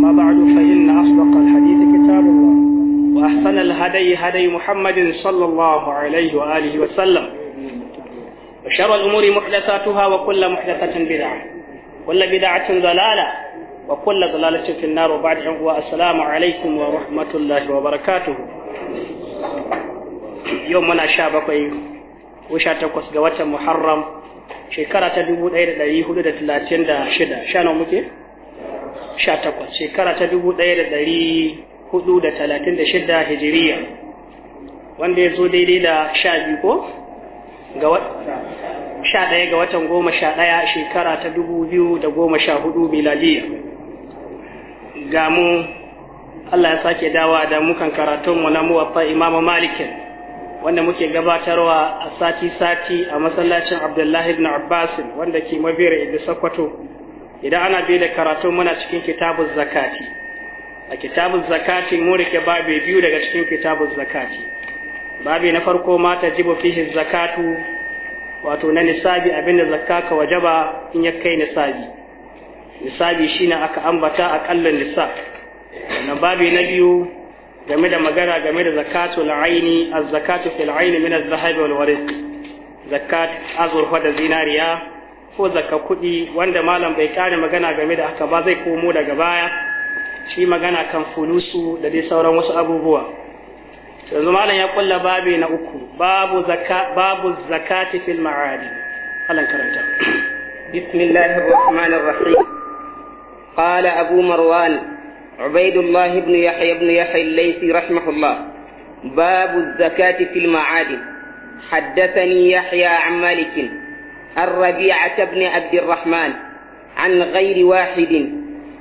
أما بعد فإن أصدق الحديث كتاب الله وأحسن الهدي هدي محمد صلى الله عليه وآله وسلم وشر الأمور محدثاتها وكل محدثة بدعة كل بدعة ضلالة وكل ضلالة في النار وبعد السلام عليكم ورحمة الله وبركاته يومنا شابك وشاتكوس قوة محرم شكرة دبو الأيد الأيهود الثلاثين دا شدة شانو مكي 18 shekara ta 1436 hijiriya wanda ya zo daidai da 12 ko ga ɗaya ga watan 11 shekara ta 2014 miladiya ga mu Allah ya sake dawa da mukan karatunmu na muwaffa imamu malikin wanda muke gabatarwa a sati-sati a masallacin abdullahi ibn abbasin wanda ke mabera ibi sakwato idan ana bi da karatu muna cikin kitabun zakati a kitabun zakati mu rike babi biyu daga cikin kitabun zakati babi na farko ma ta jibo fihi zakatu wato na nisabi abinda zakaka wajaba in ya kai nisabi nisabi shine aka ambata a kallon nisab wannan babi na biyu game da magana game da al aini az-zakatu fil aini min az zahabi wal wariq zakat azurfa da zinariya ko zaka kuɗi wanda malam bai kare magana game da haka ba zai komo daga baya shi magana kan fulusu da dai sauran wasu abubuwa yanzu malam ya kulla babi na uku babu zaka babu zakati fil ma'adi alan karanta bismillahir rahmanir rahim qala abu marwan عبيد الله بن يحيى بن يحيى الليثي رحمه الله باب الزكاة في المعادن حدثني يحيى عن مالك الربيعة بن عبد الرحمن عن غير واحد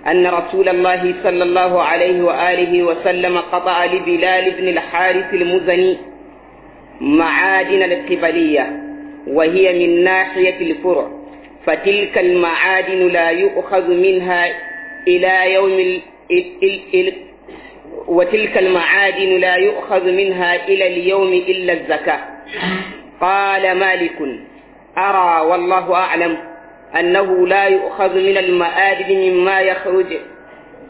أن رسول الله صلى الله عليه وآله وسلم قطع لبلال بن الحارث المزني معادن القبلية وهي من ناحية الفرع فتلك المعادن لا يؤخذ منها إلى يوم ال ال ال وتلك المعادن لا يؤخذ منها إلى اليوم إلا الزكاة قال مالك أرى والله أعلم أنه لا يؤخذ من المآدب مما يخرج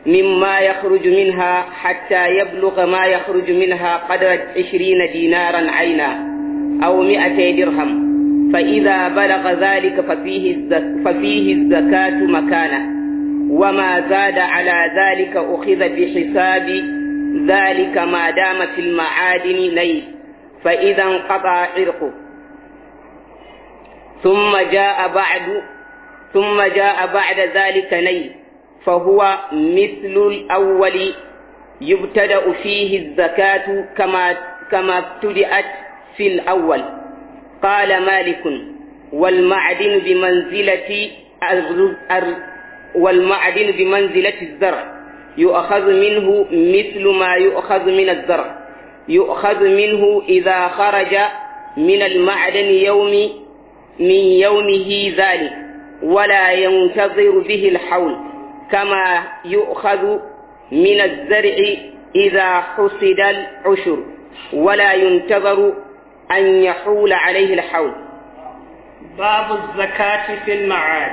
مما يخرج منها حتى يبلغ ما يخرج منها قدر عشرين دينارا عينا أو مئتي درهم فإذا بلغ ذلك ففيه, ففيه الزكاة مكانه وما زاد على ذلك أخذ بحساب ذلك ما دام في المعادن ليه فإذا انقطع عرقه ثم جاء بعد ثم جاء بعد ذلك ني فهو مثل الأول يبتدأ فيه الزكاة كما كما ابتدأت في الأول قال مالك والمعدن بمنزلة والمعدن بمنزلة الزرع يؤخذ منه مثل ما يؤخذ من الزرع يؤخذ منه إذا خرج من المعدن يوم من يومه ذلك ولا ينتظر به الحول كما يؤخذ من الزرع إذا حصد العشر ولا ينتظر أن يحول عليه الحول باب الزكاة في المعاد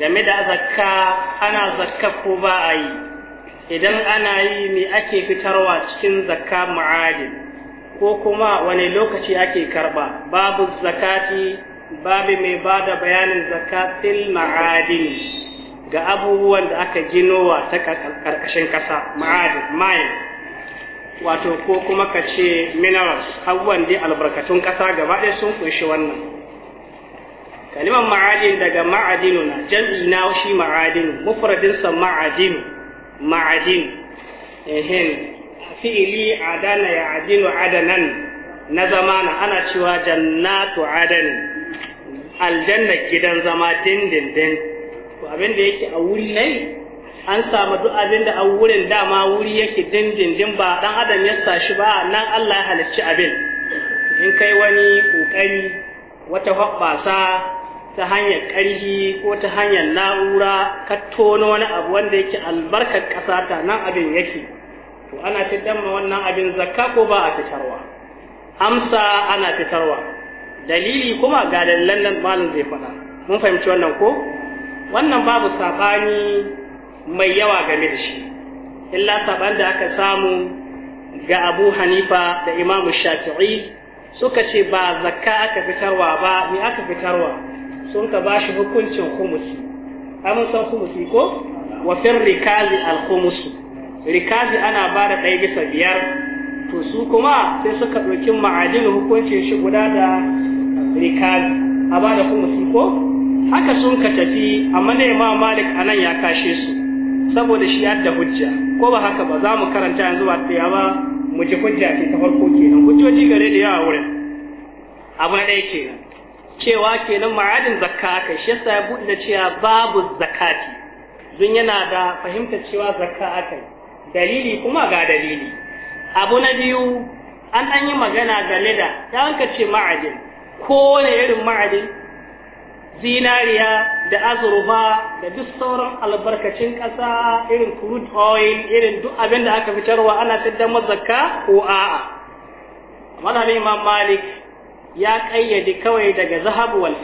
جمد da أنا ana zakka ko أنا a yi في تروات yi me ake ko kuma wani lokaci ake karba babu zakati babu mai ba da bayanin zakatil ma'adini ga abubuwan da aka ginowa ta karkashin kasa ma'adin mine wato ko kuma ka ce minerals abubuwan da albarkatun kasa gaba ɗaya sun kunshi wannan kalimar ma'adin daga ma'adinu na jam'i na shi ma'adinu mufradinsa ma'adinu ma'adin ehin fi'ili adana ya adanan na zamana ana cewa jannatu adan aljanna gidan zama dindindin to abin yake a wuri ne an samu duk abin da a wurin dama wuri yake dindindin ba dan adam ya sashi ba nan Allah ya halicci abin in kai wani kokari wata hoɓɓasa ta hanyar ƙarfi ko ta hanyar na'ura ka tono wani abu wanda yake albarkar ƙasa ta nan abin yake to ana fitar damma wannan abin zakka ko ba a fitarwa amsa ana fitarwa dalili kuma ga dalilan nan malam zai faɗa mun fahimci wannan ko wannan babu sabani mai yawa game da shi illa saban da aka samu ga Abu Hanifa da Imam Shafi'i suka ce ba zakka aka fitarwa ba ni aka fitarwa sun ka bashi hukuncin khumusi ai san khumusi ko wa fir rikazi al khumusu rikazi ana ba da ɗaya bisa biyar to su kuma sai suka ɗauki ma'adin hukuncin shi guda da rikazi a ba da kuma ko haka sun ka tafi amma ne ma malik a nan ya kashe su saboda shi yadda hujja ko ba haka ba za mu karanta yanzu ba ta ba mu ji hujja ce ta farko kenan hujjoji gare da yawa wurin abu na ɗaya kenan cewa kenan ma'adin zakka kai shi yasa ya buɗe da cewa babu zakati don yana da fahimtar cewa zakka akai dalili kuma ga dalili abu na biyu an ɗan yi magana ga da ta hanka ce ma'adin ko irin ma'adin zinariya da azurfa da duk sauran albarkacin ƙasa irin crude oil irin duk abin da aka fitarwa ana tattar mazaka ko a'a malamin imam malik ya ƙayyade kawai daga zahabu wal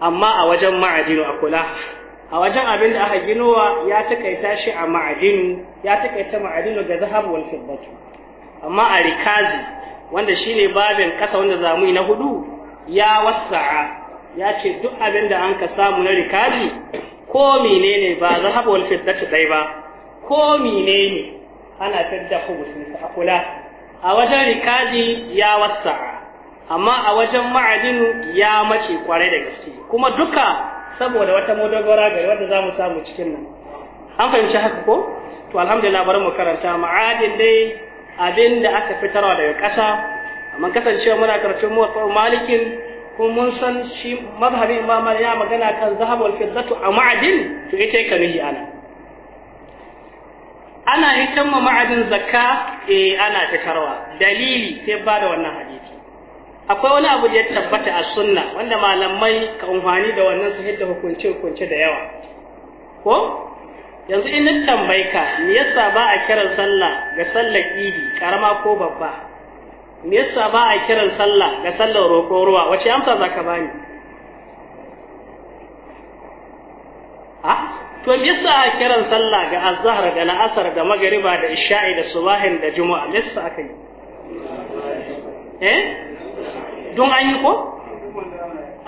amma a wajen ma'adinu a kula a wajen abin da aka ginowa ya takaita shi a ma'adinu ya takaita ma'adinu ga zahabu wal fiddatu amma a rikazi wanda shine babin kasa wanda zamu yi na hudu ya wasa'a ya ce duk abin da an ka samu na rikazi ko menene ba zahabu wal fiddatu dai ba ko menene ana tadda hubusin sa akula a wajen rikazi ya wasa'a amma a wajen ma'adinu ya mace kwarai da gaske kuma duka saboda wata modogora gari wadda za mu samu cikin nan an fahimci haka ko to alhamdulillah bari mu karanta ma'adin dai abin da aka fitarwa daga ƙasa amma kasancewa muna karatun muwaffaq malikin kuma mun san shi mazhabi imam ya magana kan zahab fiddatu a ma'adin to ita ka nihi ana ana hitan ma'adin zakka eh ana fitarwa dalili sai ba da wannan akwai wani abu da ya tabbata a sunna wanda malamai ka umfani da wannan su hidda hukunce hukunce da yawa ko yanzu in tambayi ka me yasa ba a kiran sallah ga sallar idi karama ko babba me yasa ba a kiran sallah ga sallar roko ruwa wace amsa zaka bani a to me yasa a kiran sallah ga azhar da la'asar da magariba da isha'i da subahin da juma'a me yasa aka yi eh don an yi ko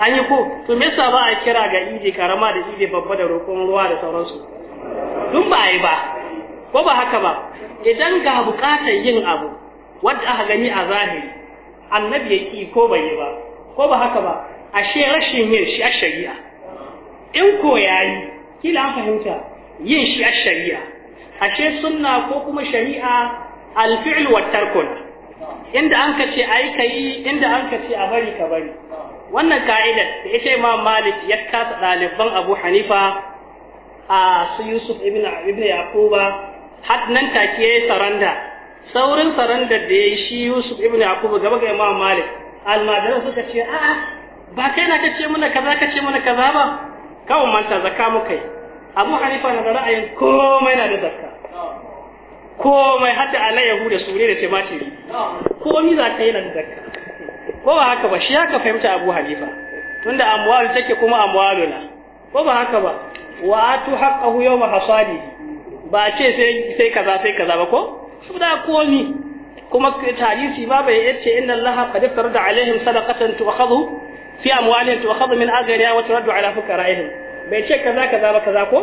an yi ko to me yasa ba a kira ga ije karama da ije babba da roƙon ruwa da sauransu dun ba a yi ba ko ba haka ba idan ga buƙatar yin abu wadda aka gani a zahiri annabi ya ki ko bai yi ba ko ba haka ba ashe rashin yin shi a shari'a in ko yayi kila an fahimta yin shi a shari'a ashe sunna ko kuma shari'a alfi'il wa tarkona. inda an ka ce ai inda an ka ce a bari ka bari wannan ka'idar da ita imam malik ya kasa ɗaliban abu hanifa a su yusuf ibn ibn yakuba har nan take yayi saranda saurin sarandar da yayi shi yusuf ibn yakuba gaba ga imam malik almadara suka ce a'a ba kai na kace muna kaza kace muna kaza ba kawai manta zakka muka yi abu hanifa na da ra'ayin komai na da zakka Ko mai hadda alayyahu da sure da timatiri komi za ta yi nan zakka ko ba haka ba shi haka fahimta abu hanifa tunda amwalu take kuma amwaluna ko ba haka ba wa atu haqqahu yawma hasadi ba ce sai sai kaza sai kaza ba ko saboda komi kuma tarisi ba bai yace inna allaha qad farada alaihim sadaqatan tu'khadhu fi amwalihim tu'khadhu min aghniya wa turaddu ala fuqara'ihim bai ce kaza kaza ba kaza ko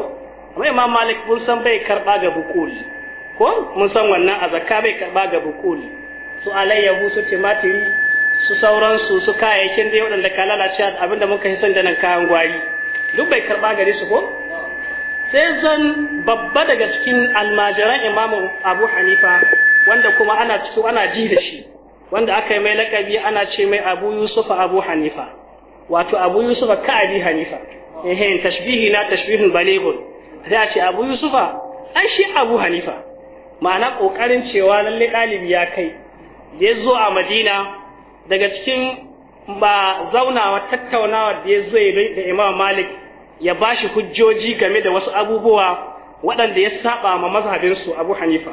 amma imam malik mun san bai karba ga bukuli ko mun san wannan a zakka bai karba ga bukuli su alayyahu su timatiri su sauransu su kayayyakin dai waɗanda ka lalace abinda muka san da nan kayan gwari duk bai karba gare su ko sai zan babba daga cikin almajiran imamu abu hanifa wanda kuma ana cikin ana ji da shi wanda aka yi mai lakabi ana ce mai abu yusufa abu hanifa wato abu yusufa ka abi hanifa ehe tashbihi na tashbihin balighun sai a ce abu yusufa ai shi abu hanifa ma'ana ƙoƙarin cewa lalle ɗalibi ya kai da ya zo a madina daga cikin ba zaunawa tattaunawa da ya zo da imam malik ya ba shi hujjoji game da wasu abubuwa waɗanda ya saba ma mazhabinsu abu hanifa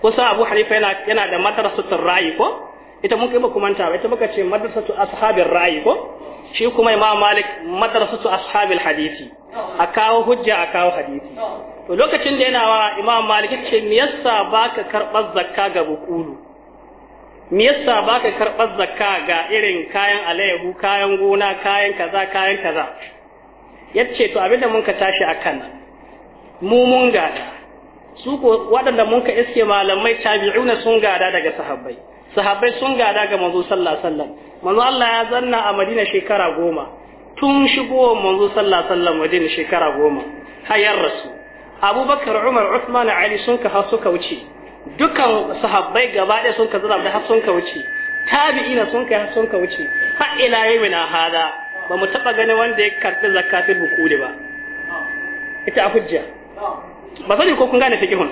kusa abu hanifa yana da matar sutur ko ita mun kai ba kumanta ba ita muka ce madrasatu ashabir ra'ayi ko shi kuma imam malik madrasatu ashabil hadisi a kawo hujja a kawo hadisi to lokacin da yana wa imam malik ce me yasa baka karbar zakka ga bukulu me yasa baka karbar zakka ga irin kayan alayhu kayan gona kayan kaza kayan kaza yace to abinda mun ka tashi akan mu mun gada su ko waɗanda mun ka iske malamai tabi'una sun gada daga sahabbai sahabbai sun gada ga manzo sallallahu alaihi wasallam manzo Allah ya zanna a Madina shekara goma tun shigo manzo sallallahu alaihi wasallam Madina shekara goma hayar rasu Abubakar Umar Uthman Ali sun ka har suka wuce dukan sahabbai gaba ɗaya sun ka zura da har sun ka wuce tabi'ina sun ka har sun ka wuce har ila na hada ba mu taba ganin wanda ya karɓi zakatul hukuri ba ita a hujja ba sani ko kun gane fiqhun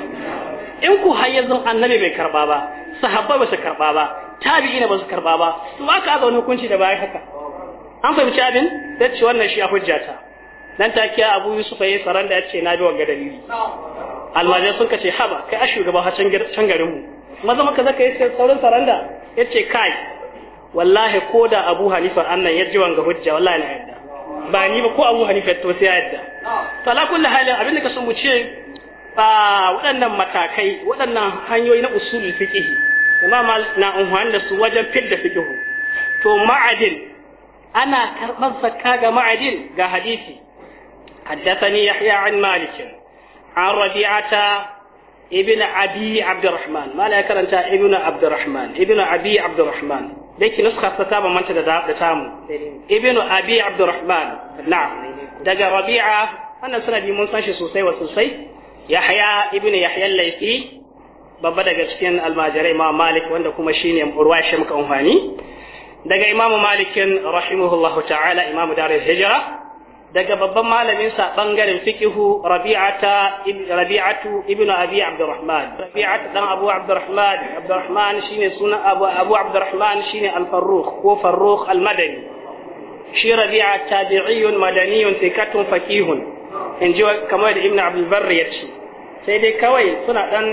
in ku hayyazun annabi bai karba ba sahabbai ba su karba ba tabi'ina ba su karba ba to ba ka wani hukunci da bayan haka an fahimci abin sai ce wannan shi a hujjata nan take Abu Yusuf yayi tsaron da yace na bi wa dalili almajai sun kace haba kai a shugaba ha can garin mu maza maka zaka yi sauran saranda yace kai wallahi ko da Abu Hanifa annan ya ji wanga hujja wallahi na yadda ba ni ba ko Abu Hanifa to sai ya yadda to ala kulli halin abin da ka sun mu ce ba ah, waɗannan matakai waɗannan hanyoyi na usulul fiqh imam na unhan da su wajen fidda fiqhu to ma'adin ana karɓar zakka ga ma'adin ga hadisi haddathani yahya an malik an rabi'ata ibn abi abdurrahman mala ya karanta ibn abdurrahman ibn abi abdurrahman dake nuska ta ta manta da da tamu ibn abi abdurrahman na'am daga rabi'a wannan sanadi mun san shi sosai wa sosai yahya ibn yahya al-laythi babba daga cikin almajirai imam malik wanda kuma shine ruwashi muka amfani daga imamu malikin rahimahullahu ta'ala imam darul hijra daga babban malamin sa bangaren fikihu rabi'ata rabi'atu ibnu abi abdurrahman rabi'atu dan abu abdurrahman abdurrahman shine suna abu abu abdurrahman shine al-farrukh ko farrukh al-madani shi rabi'a tabi'iyyun madaniyun thiqatun faqihun inji kamar da ibnu abdul barri yace sai dai kawai suna dan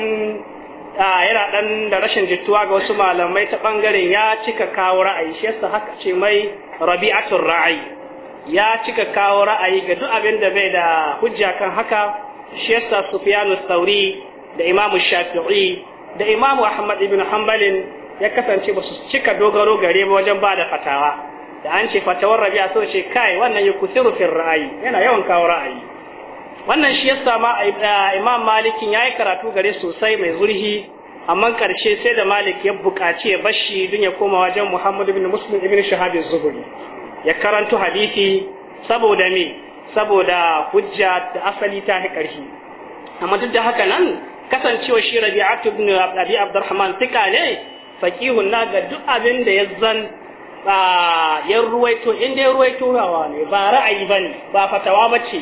yana dan da rashin jituwa ga wasu malamai ta bangaren ya cika kawo ra'ayi shi yasa haka ce mai rabi'atul ra'ayi ya cika kawo ra'ayi ga duk abin da bai da hujja kan haka shi yasa Sufyan sauri da Imam Shafi'i da Imam Ahmad ibn Hanbalin ya kasance ba su cika dogaro gare ba wajen ba da fatawa da an ce fatawar Rabi'a so ce kai wannan yukusiru fil ra'ayi yana yawan kawo ra'ayi wannan shi yasa ma eh, imam malikin ya yi karatu gare sosai mai zurhi amma karshe sai da malik ya bukaci ya bashi don ya koma wajen Muhammadu bin muslim ibn shahabin zuhuri ya karanto hadithi, saboda me saboda hujja da asali ta fi ƙarfi amma duk da haka nan kasancewa shi rabi'atu bin abi abdurrahman tika ne faqihun na ga duk abin da ya zan ah, ya ruwaito inda ya ruwaito rawa ne ba ra'ayi bane ba fatawa bace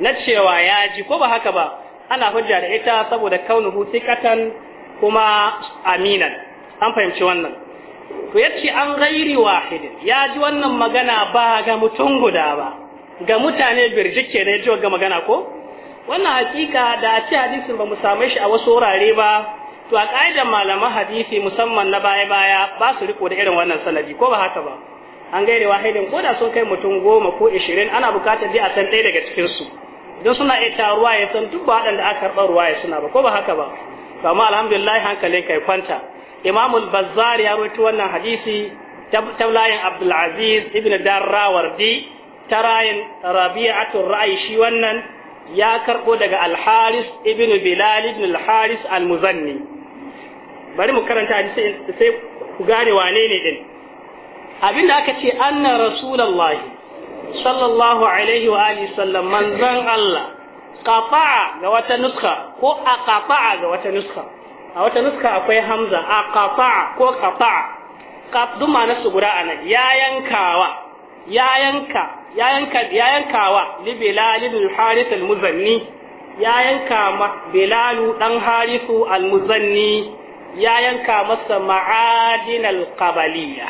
na cewa ya ji ko ba haka ba ana hujja da ita saboda hutu katan kuma aminan an fahimci wannan to yace an ghairi wahidin ya ji wannan magana ba ga mutum guda ba ga mutane birjike ne ji ga magana ko wannan hakika da a ci hadisin ba mu same shi a wasu wurare ba to a ka'idar malaman hadisi musamman na baya-baya ba su riko da irin wannan sanadi ko ba haka ba an gaire wahidin ko da sun kai mutum goma ko ishirin ana bukatar ji a san ɗaya daga cikinsu Idan suna iya ta ruwa ya san duk ba waɗanda aka karɓa ruwa ya suna ba ko ba haka ba to amma alhamdulillah hankali kai kwanta Imamul bazzari bazzar ya rawaito wannan hadisi tablayin abdul aziz ibn darrawardi tarayin rabi'atu ra'i shi wannan ya karɓo daga al-haris ibn bilal ibn al-haris al-muzanni bari mu karanta hadisi sai ku gane wane ne din abinda aka ce anna rasulullahi sallallahu alaihi wa alihi sallam manzon Allah qata'a ga wata nuska ko a qata'a ga wata nuska a wata nuska akwai hamza a qata'a ko qata'a qaf duk ma'anar su guda anan ya yankawa ya yanka ya yanka ya yankawa li bilal ibn harith al-muzanni ya yanka ma bilal dan harifu al-muzanni ya yanka masa ma'adin al-qabaliyya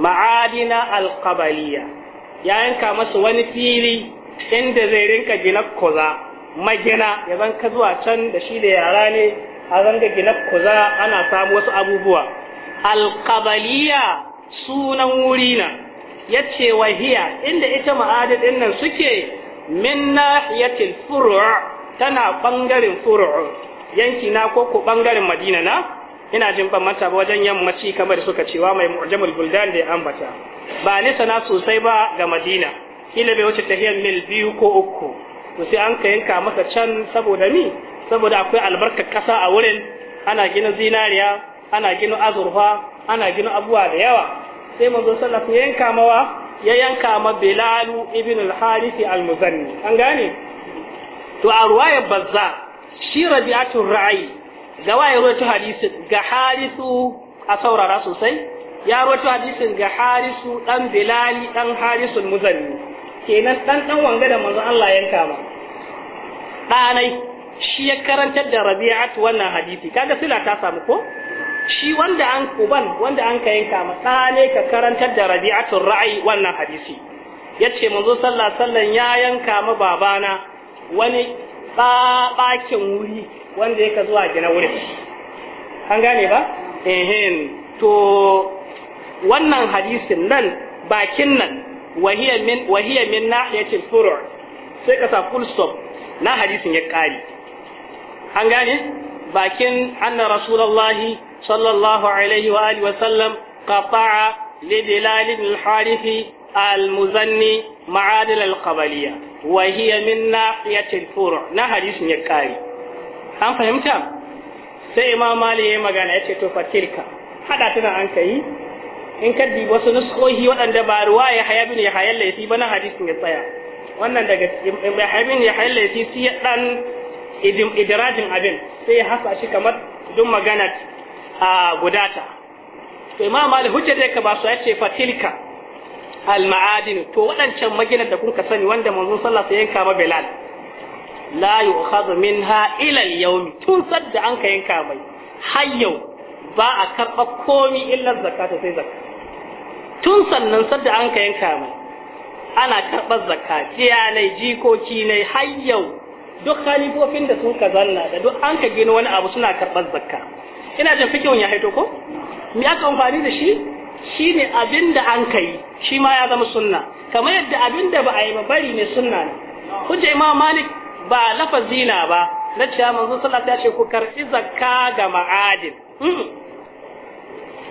ma'adina al-qabaliyya ya yanka masa wani fili inda zai rinka gina kuza magina ya ka zuwa can da shi da yara ne a zanga gina kuza ana samu wasu abubuwa alkabaliya sunan wuri na ya ce wahiya inda ita ma'adadin nan suke Minna nahiyatil furu' tana bangaren furu' yanki na ko ku bangaren madina na ina jin ban manta ba wajen yammaci kamar da suka cewa mai mu'jamul buldan da ya ambata ba nisa na sosai ba ga madina kila bai wuce tahiyar mil biyu ko uku to sai an ka yanka masa can saboda ni? saboda akwai albarkar kasa a wurin ana gina zinariya ana gina azurfa ana gina abubuwa da yawa sai manzo sallallahu yanka mawa ya yanka ma bilalu ibn al-harith al-muzanni an gane to a ruwayar bazza shi rabi'atul ra'i ga waye rawaito hadisin ga harisu a saurara sosai ya rawaito hadisin ga harisu dan bilali dan harisul muzanni kenan dan dan wanga da manzon Allah yanka ba ɗanai shi ya karantar da rabi'at wannan hadisi kaga sila ta samu ko shi wanda an kuban wanda an ka yanka ma ɗane ka karantar da rabi'atul ra'ayi wannan hadisi yace manzo sallallahu alaihi wasallam ya yanka ma babana wani tsabakin wuri wanda yake zuwa gina wurin an gane ba ehem to wannan hadisin nan bakin nan wahiyar min na ya nahiyatil furu' sai ka sa full stop na hadisin ya kare an gane bakin anna rasulullahi sallallahu alaihi wa alihi wa sallam qata'a لدلال الحارث min na ya وهي من Na hadisin ya يكاري an fahimta sai imam mali ya magana ya ce to fatilka hada tana an kai in ka dibi wasu nuskohi waɗanda ba ruwa ya haya bin ya hayar laifi ba na hadisin ya tsaya wannan daga ya haya bin ya hayar laifi sai ya ɗan idirajin abin sai ya hasa shi kamar duk magana a gudata to imam mali hujjar da ka ba su ya ce fatilka al-ma'adin to waɗancan maginar da kuka sani wanda manzon sallah sai yanka ma bilal la yu'khadhu minha ila al-yawm tun sadda an ka yanka mai har ba a karba komi illa zakata sai zakka tun sannan sadda an ka yanka mai ana karɓar zakka jiya ne jikoki ne har duk khalifofin da sun ka da duk an ka gina wani abu suna karɓar zakka ina jin fikin ya haito ko me aka amfani da shi shine abin da an kai shi ma ya zama sunna kamar yadda abin da ba a yi ba bari ne sunna ne hujja imam malik ba lafa zina ba na cewa manzo sallallahu alaihi ku karbi zakka ga ma'adin hmm.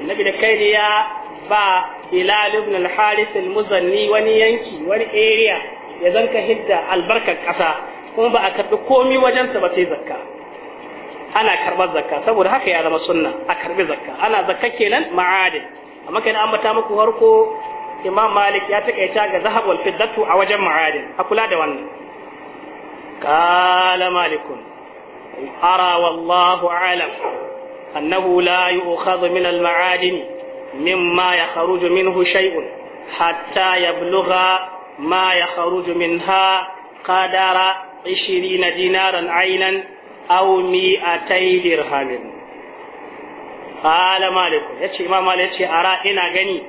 nabi da kai ya ba hilal ibn al-harith al-muzanni wani yanki wani area ya zanka hidda albarkar kasa kuma ba a karbi komi wajen sa ba sai zakka ana karbar zakka saboda haka ya zama sunna a karbi zakka ana zakka kenan ma'adin amma kai an bata muku harko imam malik ya takaita ga zahab wal fiddatu a wajen ma'adin a kula da wannan قال مالك أرى والله أعلم أنه لا يؤخذ من المعادن مما يخرج منه شيء حتى يبلغ ما يخرج منها قدر عشرين دينارا عينا أو مئتي درهم قال مالك يتشي إمام مالك يتشي أرى إنا غني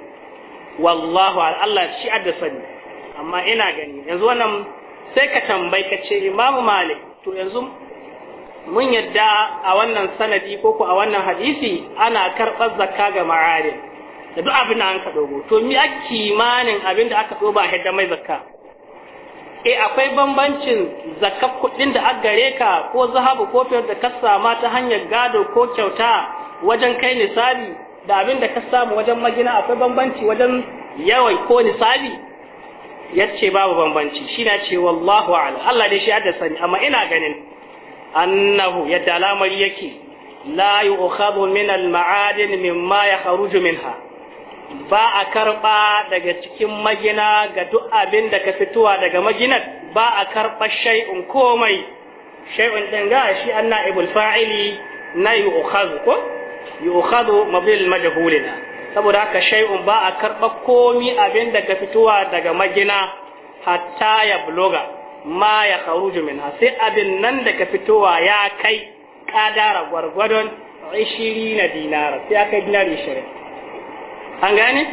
والله على الله شيء أدسني أما إنا غني ينزو أنا sai ka tambayi ka ce imamu malik to yanzu mun yadda a wannan sanadi ko ko a wannan hadisi ana karɓar zakka ga ma'arin da duk abin da an ka dogo to mi a kimanin abin da aka doba hidda mai zakka eh akwai bambancin zakka kuɗin da aka gare ka ko zahabu ko fiyar da ka sama ta hanyar gado ko kyauta wajen kai nisabi da abin da ka samu wajen magina akwai bambanci wajen yawai ko nisabi yace babu bambanci shi na ce wallahu ala Allah dai shi da sani amma ina ganin annahu yadda al'amari yake la yu'khadhu min al-ma'adin mimma yakhruju minha ba a karba daga cikin magina ga duk abin da ka fitowa daga maginar ba a karba shay'un komai shay'un din ga shi anna ibul fa'ili na yu'khadhu ko yu'khadhu mabil majhulina saboda haka shay'un ba a karɓa komi abin da ka fitowa daga magina hatta ya bloga ma ya kharuju minha sai abin nan da ka fitowa ya kai kadara gwargwadon 20 na dinara sai aka yi dinari 20 an gane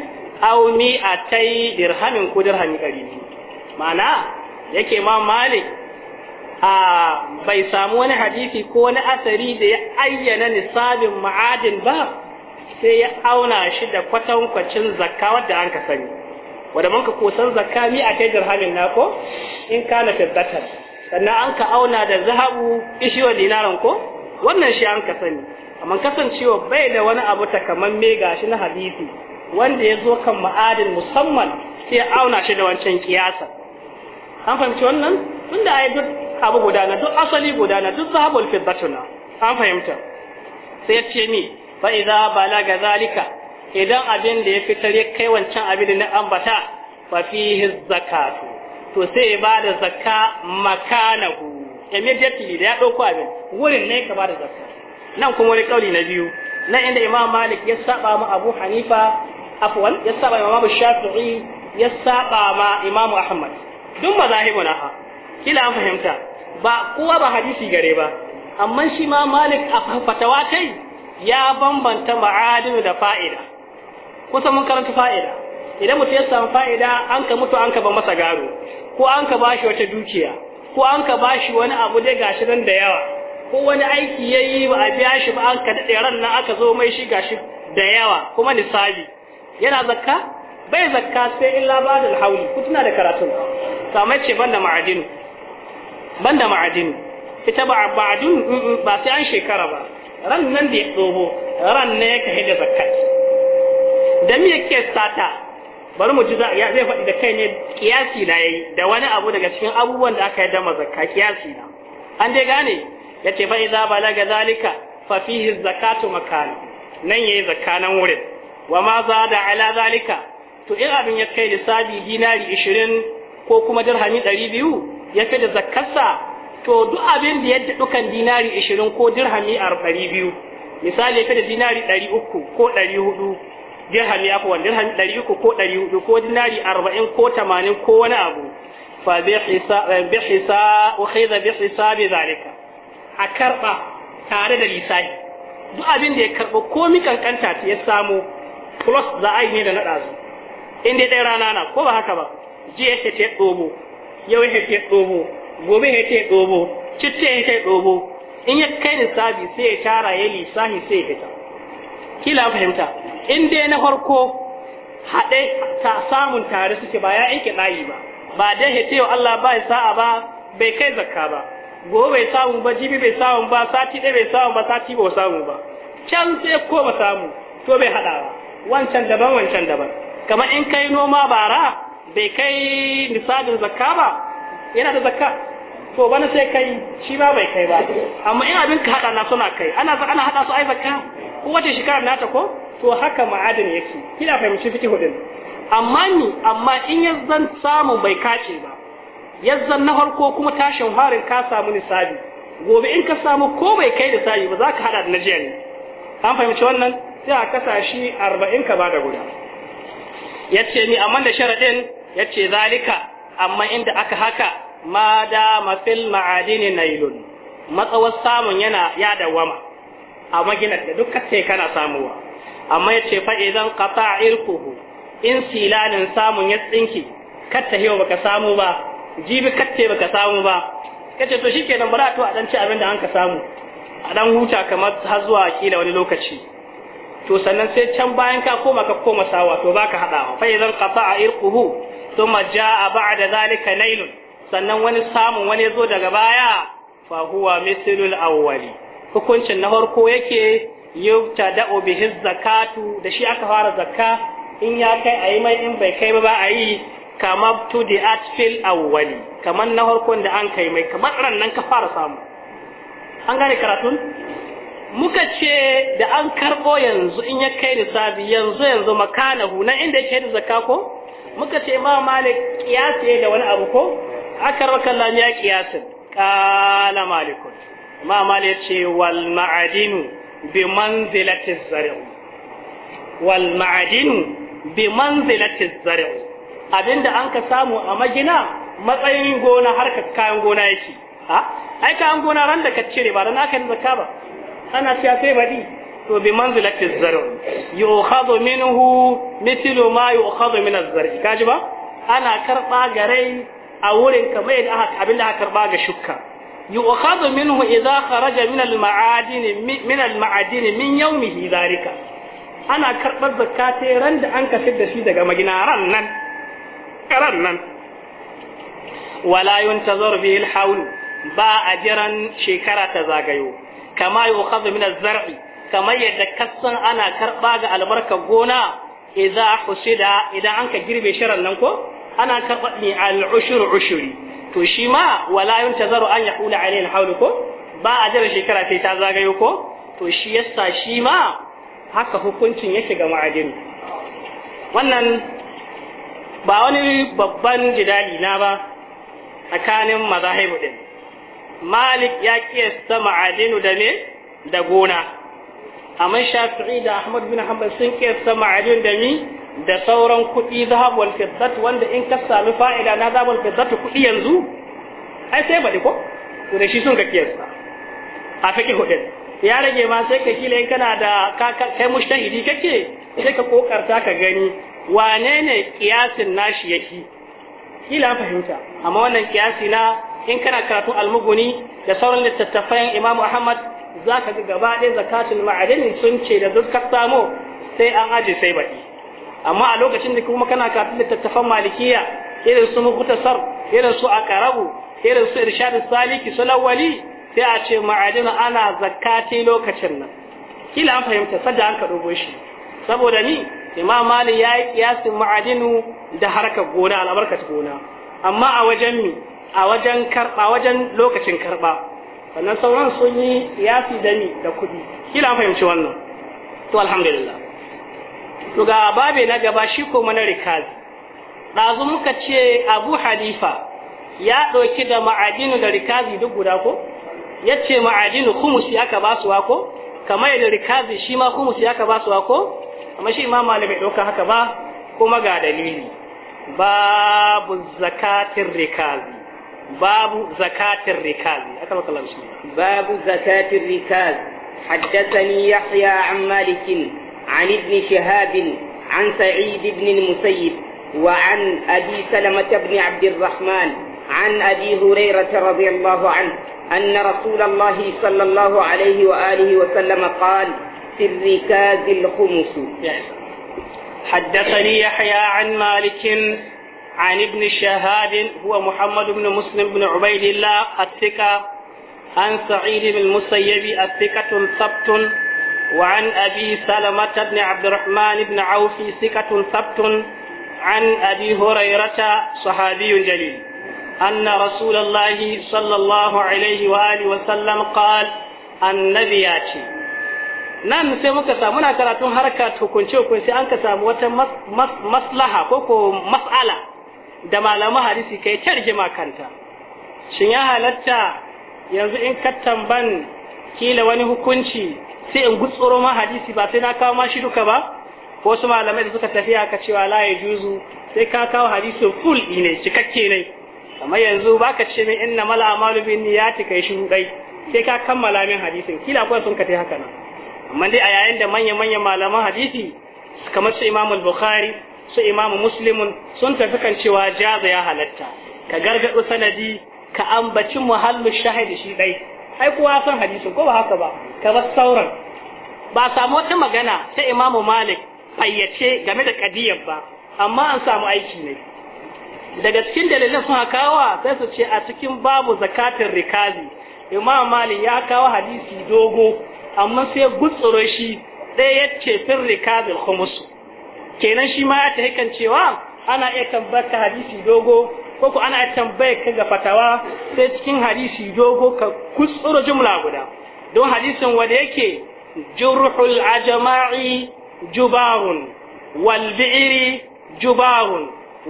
aw mi atai dirhamin ko dirhami 200 ma'ana yake ma malik a bai samu wani hadisi ko wani asari da ya ayyana nisabin ma'adin ba sai ya auna shi da kwatankwacin zakka wadda an ka sani wadda mun ka kusan zakka mi a kai dirhamin na ko in kana fiddatan sannan an ka auna da zahabu ishiwa dinaran ko wannan shi an ka sani amma kasancewa bai da wani abu takamamme gashi na hadisi wanda ya zo kan ma'adin musamman sai auna shi da wancan kiyasa an fahimci wannan tunda ai duk abu guda na duk asali guda na duk zahabul fiddatuna an fahimta sai ya ce ni fa idza balaga zalika idan abin da ya fitar ya kai wancan abin da na ambata fa fihi zakatu to sai ya bada zakka makanahu immediately da ya dauko abin wurin ne ka bada zakka nan kuma wani kauli na biyu nan inda imam malik ya saba ma abu hanifa afwan ya saba ma abu shafi'i ya saba ma imam ahmad duk mazahibu na ha kila an fahimta ba kowa ba hadisi gare ba amma shi ma malik a fatawa kai ya bambanta ma'adin da fa'ida kusa mun karanta fa'ida idan mutum ya samu fa'ida an ka mutu an ka ba masa gado ko an ka bashi wata dukiya ko an ka bashi wani abu dai gashi nan da yawa ko wani aiki ya yi ba a biya shi ba an ka daɗe ran nan aka zo mai shi gashi da yawa kuma nisabi yana zakka bai zakka sai illa ba da hauli ku da karatun kamar ce banda ma'adinu banda ma'adinu ita ba ba'adun ba sai an shekara ba ran nan da ya tsoho ran ne ka hida zakat da me yake sata bari mu ji za ya zai faɗi da kai ne kiyasi na yayi da wani abu daga cikin abubuwan da aka yadda mazakka kiyasi na an dai gane yace fa idza balaga zalika fa fihi zakatu makan nan yayi zakka wurin wa ma zada ala zalika to in abin ya kai lisabi dinari 20 ko kuma dirhami 200 ya kai da zakkarsa to duk abin da yadda dukan dinari 20 ko dirhami biyu, misali ka da dinari 300 ko 400 dirhami afwan dirhami 300 ko 400 ko dinari 40 ko 80 ko wani abu fa bi hisab eh, bi hisab bi zalika a karɓa tare da lisani duk abin da ya karɓa ko mi kankanta ya samu plus za a yi ne da na su inda dai rana na ko ba haka ba jiya ta ce dobo yau ta ce dobo gobe ya ce ɗobo citta ya ce ɗobo in ya kai ni sabi sai ya tara ya lissafi sai ya fita kila fahimta in dai na farko haɗe ta samun tare suke ba ya yanke ɗayi ba ba dai ya wa Allah ba ya sa'a ba bai kai zakka ba gobe bai samu ba jibi bai samu ba sati ɗaya bai samu ba sati ba samu ba can sai ko ba samu to bai haɗa ba wancan daban wancan daban kamar in kai noma bara bai kai nisabin zakka ba yana da zakka to bana sai kai shi ba bai kai ba amma in abin ka hada na suna kai ana ana hada su ai zakka ko wace shekara nata ko to haka ma'adin yake kina fahimci fiti din amma ni amma in yazzan samu bai kace ba yazzan na farko kuma tashin harin ka samu nisabi gobe in ka samu ko bai kai da sayi ba za ka hada da najiya ne an fahimci wannan sai a kasa shi arba'in ka ba da guda yace ni amma da sharadin yace zalika amma inda aka haka ma da mafil ma'adini nailun matsawar samun yana ya dawama a maginar da dukkan sai kana samuwa amma ya ce fa idan a irkuhu in silanin samun ya tsinki katta hewa baka samu ba jibi katte baka samu ba kace to shikenan bara to a dan ci abin da an ka samu a dan huta kamar har zuwa kila wani lokaci to sannan sai can bayan ka koma ka koma sawa to baka hadawa fa idan a irkuhu thumma jaa da zalika nailun sannan wani samun wani zo daga baya fa huwa mislul awwali hukuncin na farko yake da'o bihi zakatu da shi aka fara zakka in ya kai ayi mai in bai kai ba ba ayi kamar to the atfil awwali kamar na farkon da an kai mai kamar nan ka fara samu an gane karatun muka ce da an karbo yanzu in ya kai nisabi yanzu yanzu makanahu na inda yake da zakka ko muka ce ma malik kiyasi da wani abu ko raka lam ya kiyasi qala malikun ma malik ce wal ma'adinu bi manzilati zari wal ma'adinu bi manzilati zari abinda an ka samu a magina matsayin gona ka kayan gona yake ha ai kayan gona ran da ka cire ba dan aka yi zakka ba ana cewa sai baɗi to bi manzilati zar'i yu'khadhu minhu mithlu ma yu'khadhu min az-zar'i kaji ba ana karba garai a wurin kamar yadda aka abinda aka karba ga shukka yu'khadhu minhu idha kharaja min al-ma'adin min al-ma'adin min yawmihi dhalika ana karbar zakata ran da an ka da shi daga maginaran nan karan nan wala yuntazar bihi al-hawl ba a jiran shekara ta zagayo kama yu'khadhu min az-zar'i kamar yadda kasan ana karɓa ga albarka gona idza husida idan an ka girbe shirin nan ko ana karɓa ne al'ushur ushuri to shi ma wala yuntazaru an ya a alayhi alhawlu ko ba a jira shekara sai ta zagayo ko to shi yasa shi ma haka hukuncin yake ga ma'adin wannan ba wani babban jidali na ba tsakanin mazahibu din malik ya kiyasta ma'adinu da ne da gona amma shafi'i da ahmad bin hanbal sun kesa ajin da ni da sauran kuɗi zahab wal fiddat wanda in ka sami fa'ila na zahab wal fiddat kuɗi yanzu ai sai baɗi ko to da shi sun ka sa a fiki hudin ya rage ma sai ka kila in kana da kai mushtahidi kake sai ka kokarta ka gani wane ne kiyasin nashi yake kila fahimta amma wannan kiyasi na in kana karatu almuguni da sauran littattafan imamu ahmad za ka ga gaba ɗaya zakatul ma'adini sun ce da duk ka samu sai an aje sai baɗi amma a lokacin da kuma kana kafin littattafan malikiya irin su mukhtasar irin su aqrabu irin su irshadus saliki su lawali sai a ce ma'adin ana zakati lokacin nan kila an fahimta sadda an ka shi saboda ni imam malik ya yi kiyasin ma'adinu da harkar gona albarkat gona amma a wajen mi a wajen karba wajen lokacin karba sannan sauran sun yi yafi da ni da kuɗi kila fahimci wannan to alhamdulillah to ga babe na gaba shi ko mana rikazi ɗazu muka ce abu halifa ya ɗauki da ma'adinu da rikazi duk guda ko ya ce ma'adinu ya aka ba su ko kamar yadda rikazi shi ma ya aka ba su ko amma shi ma malamai ɗauka haka ba kuma ga dalili babu zakatin rikazi باب زكاة الركاز أكرمك الله بسم باب زكاة الركاز حدثني يحيى عن مالك عن ابن شهاب عن سعيد بن المسيب وعن أبي سلمة بن عبد الرحمن عن أبي هريرة رضي الله عنه أن رسول الله صلى الله عليه وآله وسلم قال في الركاز الخمس حدثني يحيى عن مالك عن ابن شهاب هو محمد بن مسلم بن عبيد الله الثقة عن سعيد بن المسيب الثقة ثبت وعن أبي سلمة بن عبد الرحمن بن عوف ثقة ثبت عن أبي هريرة صحابي جليل أن رسول الله صلى الله عليه وآله وسلم قال النبي ياتي nan sai muka samu muna karatun harka hukunce hukunce an ka samu wata maslaha ko ko mas'ala da malaman hadisi kai ta rigima kanta shin ya halatta yanzu in ka tamban kila wani hukunci sai in gutsuro ma hadisi ba sai na kawo ma shi duka ba ko su malamai da suka tafi aka cewa la ya juzu sai ka kawo hadisin full ne cikakke ne kamar yanzu baka ce min inna mala amalu bin niyati kai shi dai sai ka kammala min hadisin kila akwai sun ka tai haka nan amma dai a yayin da manyan manyan malaman hadisi kamar su Imam al-Bukhari su imamu muslimun sun tafi kan cewa jaza ya halatta ka gargado sanadi ka ambaci muhallu shahidi shi dai ai kowa san hadisin ko ba haka ba ka bar sauran ba samu wata magana ta imamu malik fayyace game da kadiyar ba amma an samu aiki ne daga cikin dalilin sun kawa sai su ce a cikin babu zakatin rikazi imamu malik ya kawo hadisi dogo amma sai gutsuro shi ɗaya yace fil rikazil khumusu kenan shi ma ta tahikan cewa ana iya tambayar hadisi dogo ko ana iya tambayar ka ga fatawa sai cikin hadisi dogo ka kutsura jumla guda don hadisin wanda yake jurhul ajma'i jubarun wal bi'ri jubarun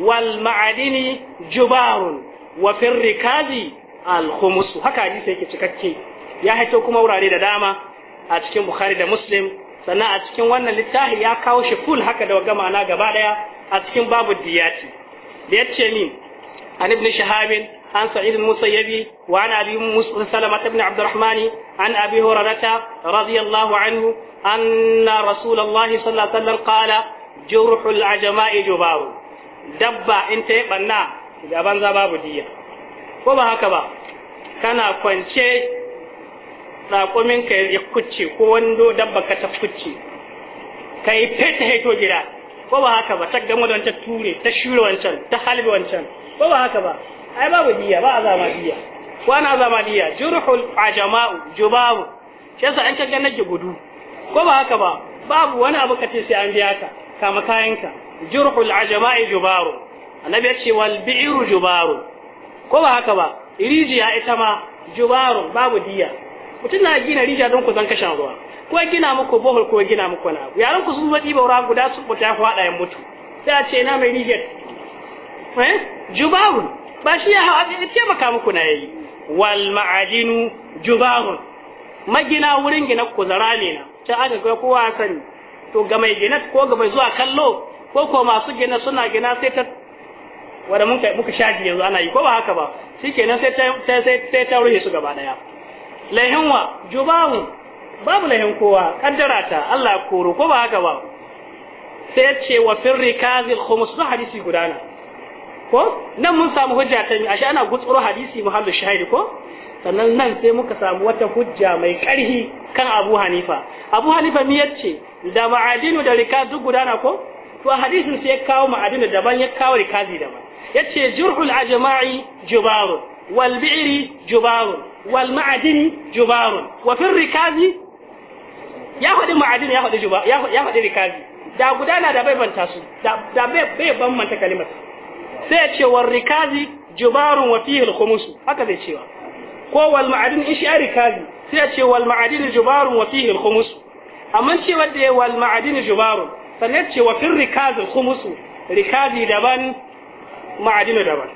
wal ma'adini jubarun wa fil rikazi al khumus haka hadisi yake cikakke ya haito kuma wurare da dama a cikin bukhari da muslim sannan a cikin wannan littafi ya kawo shi full haka da waga ma'ana gaba daya a cikin babu diyati da ya ce min an ibn shahabin an sa'id musayyabi wa an abi musalama ibn abdurrahman an abi hurairata radiyallahu anhu anna rasulullahi sallallahu alaihi wasallam qala jurhul ajma'i jubawu dabba in ta yi banna gaban za babu diya ko ba haka ba kana kwance raƙumin ka ya kucce ko wando dabba ka ta kucce ka yi fete haito gida ko ba haka ba ta gama da wancan ture ta shura wancan ta halbe wancan ko ba haka ba ai babu diya ba a zama diya ko ana zama diya juruhul ajama'u jubabu shi yasa an kaga nake gudu ko ba haka ba babu wani abu ka ce sai an biya ka kama kayanka juruhul ajama'i jubaru annabi ya ce wal bi'ru jubaru ko ba haka ba irijiya ita ma jubaru babu diya mutum na gina rija don ku zan kashe ruwa ko gina muku bohol ko gina muku wani abu yaran ku sun zo ɗiba wura guda su mutu ya faɗa ya mutu sai a ce na mai rijiyar eh jubahun ba shi ya hawa ce maka muku na yayi wal ma'adinu jubarun magina wurin gina ku zara ne na ta aka ga kowa sani to ga mai gina ko ga mai zuwa kallo ko ko masu gina suna gina sai ta wanda muka shaji yanzu ana yi ko ba haka ba shi kenan sai ta ruhe su gaba daya lahinwa jubahu babu lahin kowa kaddara ta Allah koro ko ba haka ba sai ya ce wa firri kazil khumus na hadisi gudana ko nan mun samu hujja ta ashe ana gutsuro hadisi muhammad shahidi ko sannan nan sai muka samu wata hujja mai karhi kan abu hanifa abu hanifa mi yace da ma'adinu da rikazu gudana ko to hadisin sai ya kawo ma'adinu daban ya kawo rikazi daban yace jurhul ajma'i jubaru wal bi'ri jubaru والمعدن جبار وفي الركاز ya faɗi ma'adin ya faɗi juba ya faɗi rikazi da gudana da bai banta su da bai bambanta kalimar sai ya ce war rikazi jubarun wa fihi al-khumus haka zai cewa ko wal ma'adin in a rikazi sai ya ce wal ma'adin jubarun wa fihi al-khumus amma ce wanda ya wal ma'adin jubarun sannan ce wa fil rikazi al-khumus rikazi daban ma'adin daban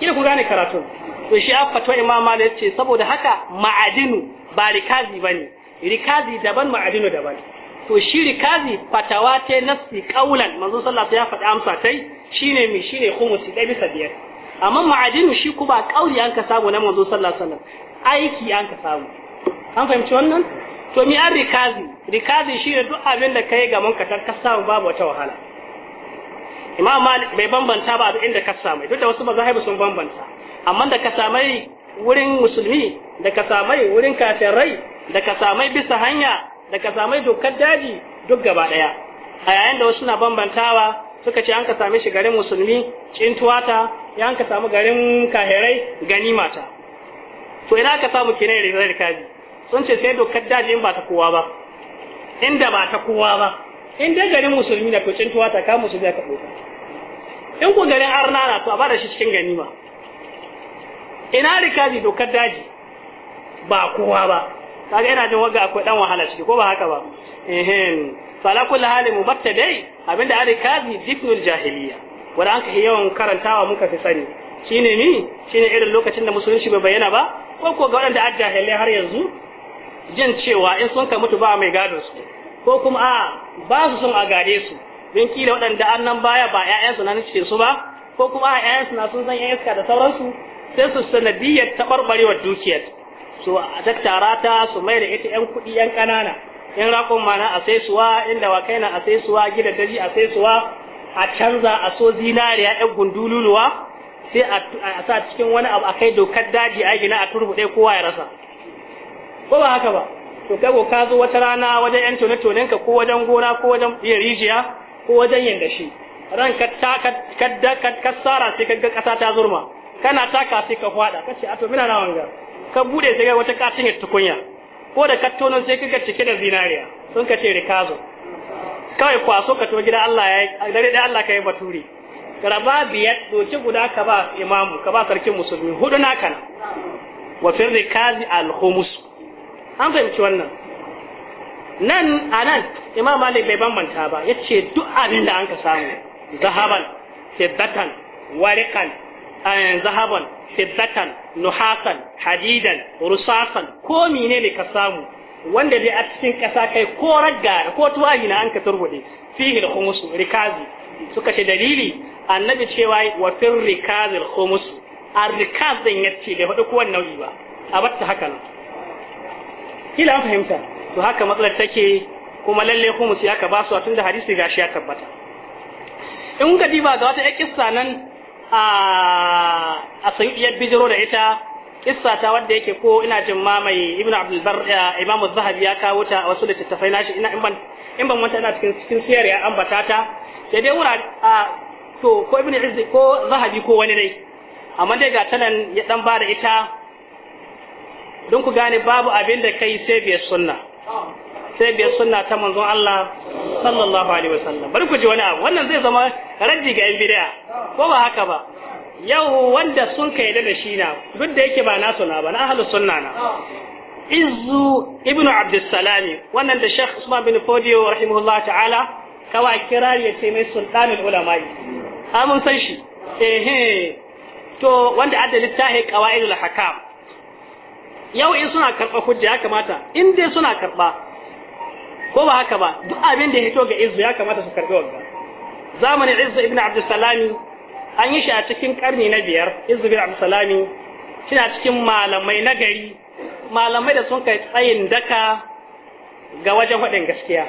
kina ku gane karatun to shi an fatwa imama malik ce saboda haka ma'adinu ba rikazi bane rikazi daban ma'adinu daban to shi rikazi fatawa ta nafsi kaulan manzo sallallahu alaihi wasallam ya faɗi amsa tai shine mi shine khumusi dai bisa biyar amma ma'adinu shi ku ba kauli an ka samu na manzo sallallahu alaihi wasallam aiki an ka samu an fahimci wannan to mi an rikazi rikazi shine duk abin da kai ga munka tar ka samu babu wata wahala imam malik bai bambanta ba duk inda ka samu duk da wasu mazahibi sun bambanta amma da ka samai wurin musulmi da ka samai wurin kafirai da ka samai bisa hanya da ka samai dokar daji duk gaba daya a yayin da wasu na bambantawa suka ce an ka same shi garin musulmi cintuwata ya an ka samu garin kahirai ganimata to ina ka samu kinai rigar kaji sun ce sai dokar daji in ba ta kowa ba inda ba ta kowa ba in dai garin musulmi na to cintuwata ka musulmi ka ɗauka in ku garin arna na to a ba da shi cikin ganima ina rikabi dokar daji ba kowa ba kaga ina jin waga akwai dan wahala ciki ko ba haka ba ehem fala mu hali dai abinda kazi dikul jahiliya wanda an kai yawan karantawa muka fi sani shine mi shine irin lokacin da musulunci bai bayyana ba ko ko ga wadanda ajjahilai har yanzu jin cewa in sun ka mutu ba mai gado su ko kuma a ba su son a gade su bin kila waɗanda annan baya ba ƴaƴansu na nace su ba ko kuma a na sun san 'yan iska da sauransu sai su sanadiyar taɓarɓarewar dukiyar su a tattara ta su mai da ita 'yan kuɗi 'yan ƙanana in rakon mana a sai suwa inda wa kaina a sai gida daji a sai a canza a so zinariya 'yan gundululuwa sai a sa cikin wani abu a kai dokar daji a gina a turbuɗe kowa ya rasa ko ba haka ba to kago ka zo wata rana wajen 'yan tone-tonen ka ko wajen gona ko wajen rijiya ko wajen yanda shi ran ka sara sai kaga kasa ta zurma kana taka sai ka fada kace a to mina na wanga ka bude sai wata katin tukunya ko da ka tono sai kaga cike da zinariya sun ka ce rikazo kawai kwaso ka to gida Allah ya dare da Allah kai baturi karaba biyar doki guda ka ba imamu ka ba sarkin musulmi hudu na kana wa fi rikazi al an fahimci wannan nan anan imam malik bai bambanta ba yace duk abin da an ka samu zahaban fiddatan warikan zahaban fiddatan nuhasan hadidan rusasan ko menene ka samu wanda dai a cikin ƙasa kai ko ragga ko tuwahi na an ka turbude fihi al-khumus rikazi suka ce dalili annabi cewa wa fir rikazil khumus ar-rikaz din yace bai faɗi kowanne nau'i ba a batta haka kila an fahimta to haka matsalar take kuma lalle khumus ya ka basu tunda hadisi gashi ya tabbata in ka diba ga wata ƙissa nan a sayyidiyar bijiro da ita kissa ta wanda yake ko ina jin mamaye mai ibn abdul bar imam az-zahabi ya kawo ta wasu littattafai nashi ina in ban in ban wanta ina cikin cikin siyar ya ambata ta sai dai wura a to ko ibn izzi ko zahabi ko wani dai amma dai ga tanan ya dan ba da ita don ku gane babu abin da kai sai bai sunna sai biyar sunna ta manzon Allah sallallahu alaihi wasallam bari ku ji wani abu wannan zai zama raddi ga yan bid'a ko ba haka ba yau wanda sun kai da shi na duk da yake ba na suna ba na ahlus sunna na izu ibnu abdussalami wannan da shekh usman bin fodiyo rahimahullah ta'ala kawa kirari ya ce mai sultanul ulama amun san shi ehe to wanda adda littahi qawaidul hakam yau in suna karba hujja ya kamata in dai suna karɓa. ko ba haka ba duk abin da ya hito ga izu ya kamata su karbi wanda zamanin izu ibn abdussalami an yi shi a cikin karni na biyar izu ibn abdussalami suna cikin malamai na gari malamai da sun kai tsayin daka ga wajen faɗin gaskiya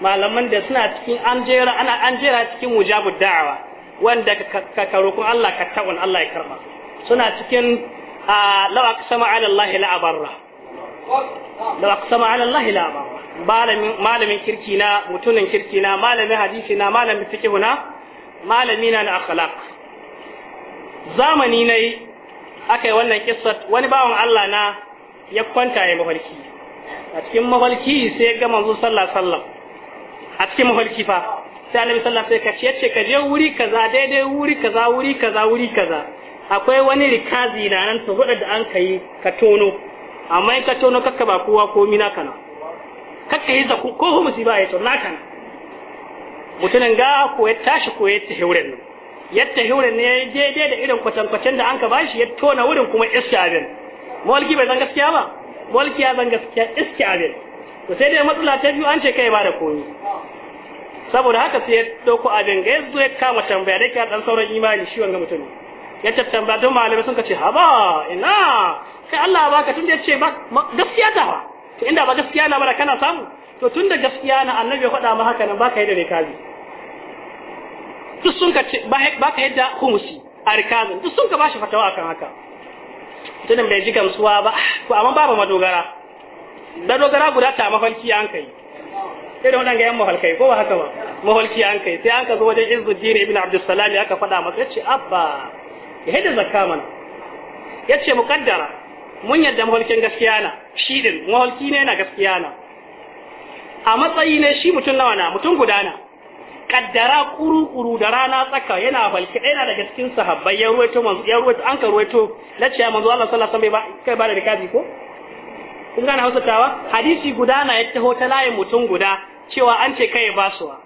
malaman da suna cikin an jera ana an jera cikin wujabud da'awa wanda ka karokun Allah ka tabun Allah ya karba suna cikin law aqsama ala Allah la abarra law aqsama ala Allah la abarra malamin kirki na mutumin kirki na malamin hadisi na malamin fiqh na malami na na akhlaq zamani ne akai wannan kissa wani bawan Allah na ya kwanta ya mafarki a cikin mafarki sai ga manzo sallallahu alaihi wasallam a cikin mafarki fa sai annabi sallallahu alaihi wasallam sai ka ce ka je wuri kaza daidai wuri kaza wuri kaza wuri kaza akwai wani rikazi na nan to da an kai ka tono amma in ka tono kakka ba kowa komi na kana kakka yi zaku ko hu musiba ya tona kan mutunan ga ko ya tashi ko ya tafi hauren nan yadda hauren ne daidai da irin kwatankwacen da an ka bashi ya tona wurin kuma iska abin mulki bai zan gaskiya ba mulki ya zan gaskiya iska abin to sai dai matsala ta biyu an ce kai ba da koyi saboda haka sai ya dauko abin ga yanzu ya kama tambaya da kiyar dan sauran imani shi wanga mutum ya tambaya don malamai sun ka ce haba ina kai Allah ka tun da ya ce ba gaskiya ta ba to inda ba gaskiya na bara kana samu to tun da gaskiya na annabi ya faɗa ma haka nan ka yadda rikazi duk sun ka ka yadda humusi a rikazin duk sun ka bashi fatawa akan haka tunan bai ji gamsuwa ba ko amma babu madogara dogara guda ta mafalki an kai sai da ga yan mahalkai ko ba haka ba mahalki an kai sai an ka zo wajen izzuddin ibn abdussalam ya ka faɗa masa ce abba ya hada zakka mana ce muqaddara mun yadda maholkin gaskiya na shi din maholki ne na gaskiya na a matsayi ne shi mutum nawa na mutum na kaddara kuru-kuru da rana tsaka yana falki ɗaya na daga cikin sahabbai ya ruwaito manzo ya ruwaito an ka ruwaito na ce manzo Allah sallallahu alaihi wasallam kai ba da rikazi ko kun gane Hausa tawa hadisi guda na ya taho ta layin mutum guda cewa an ce kai ba suwa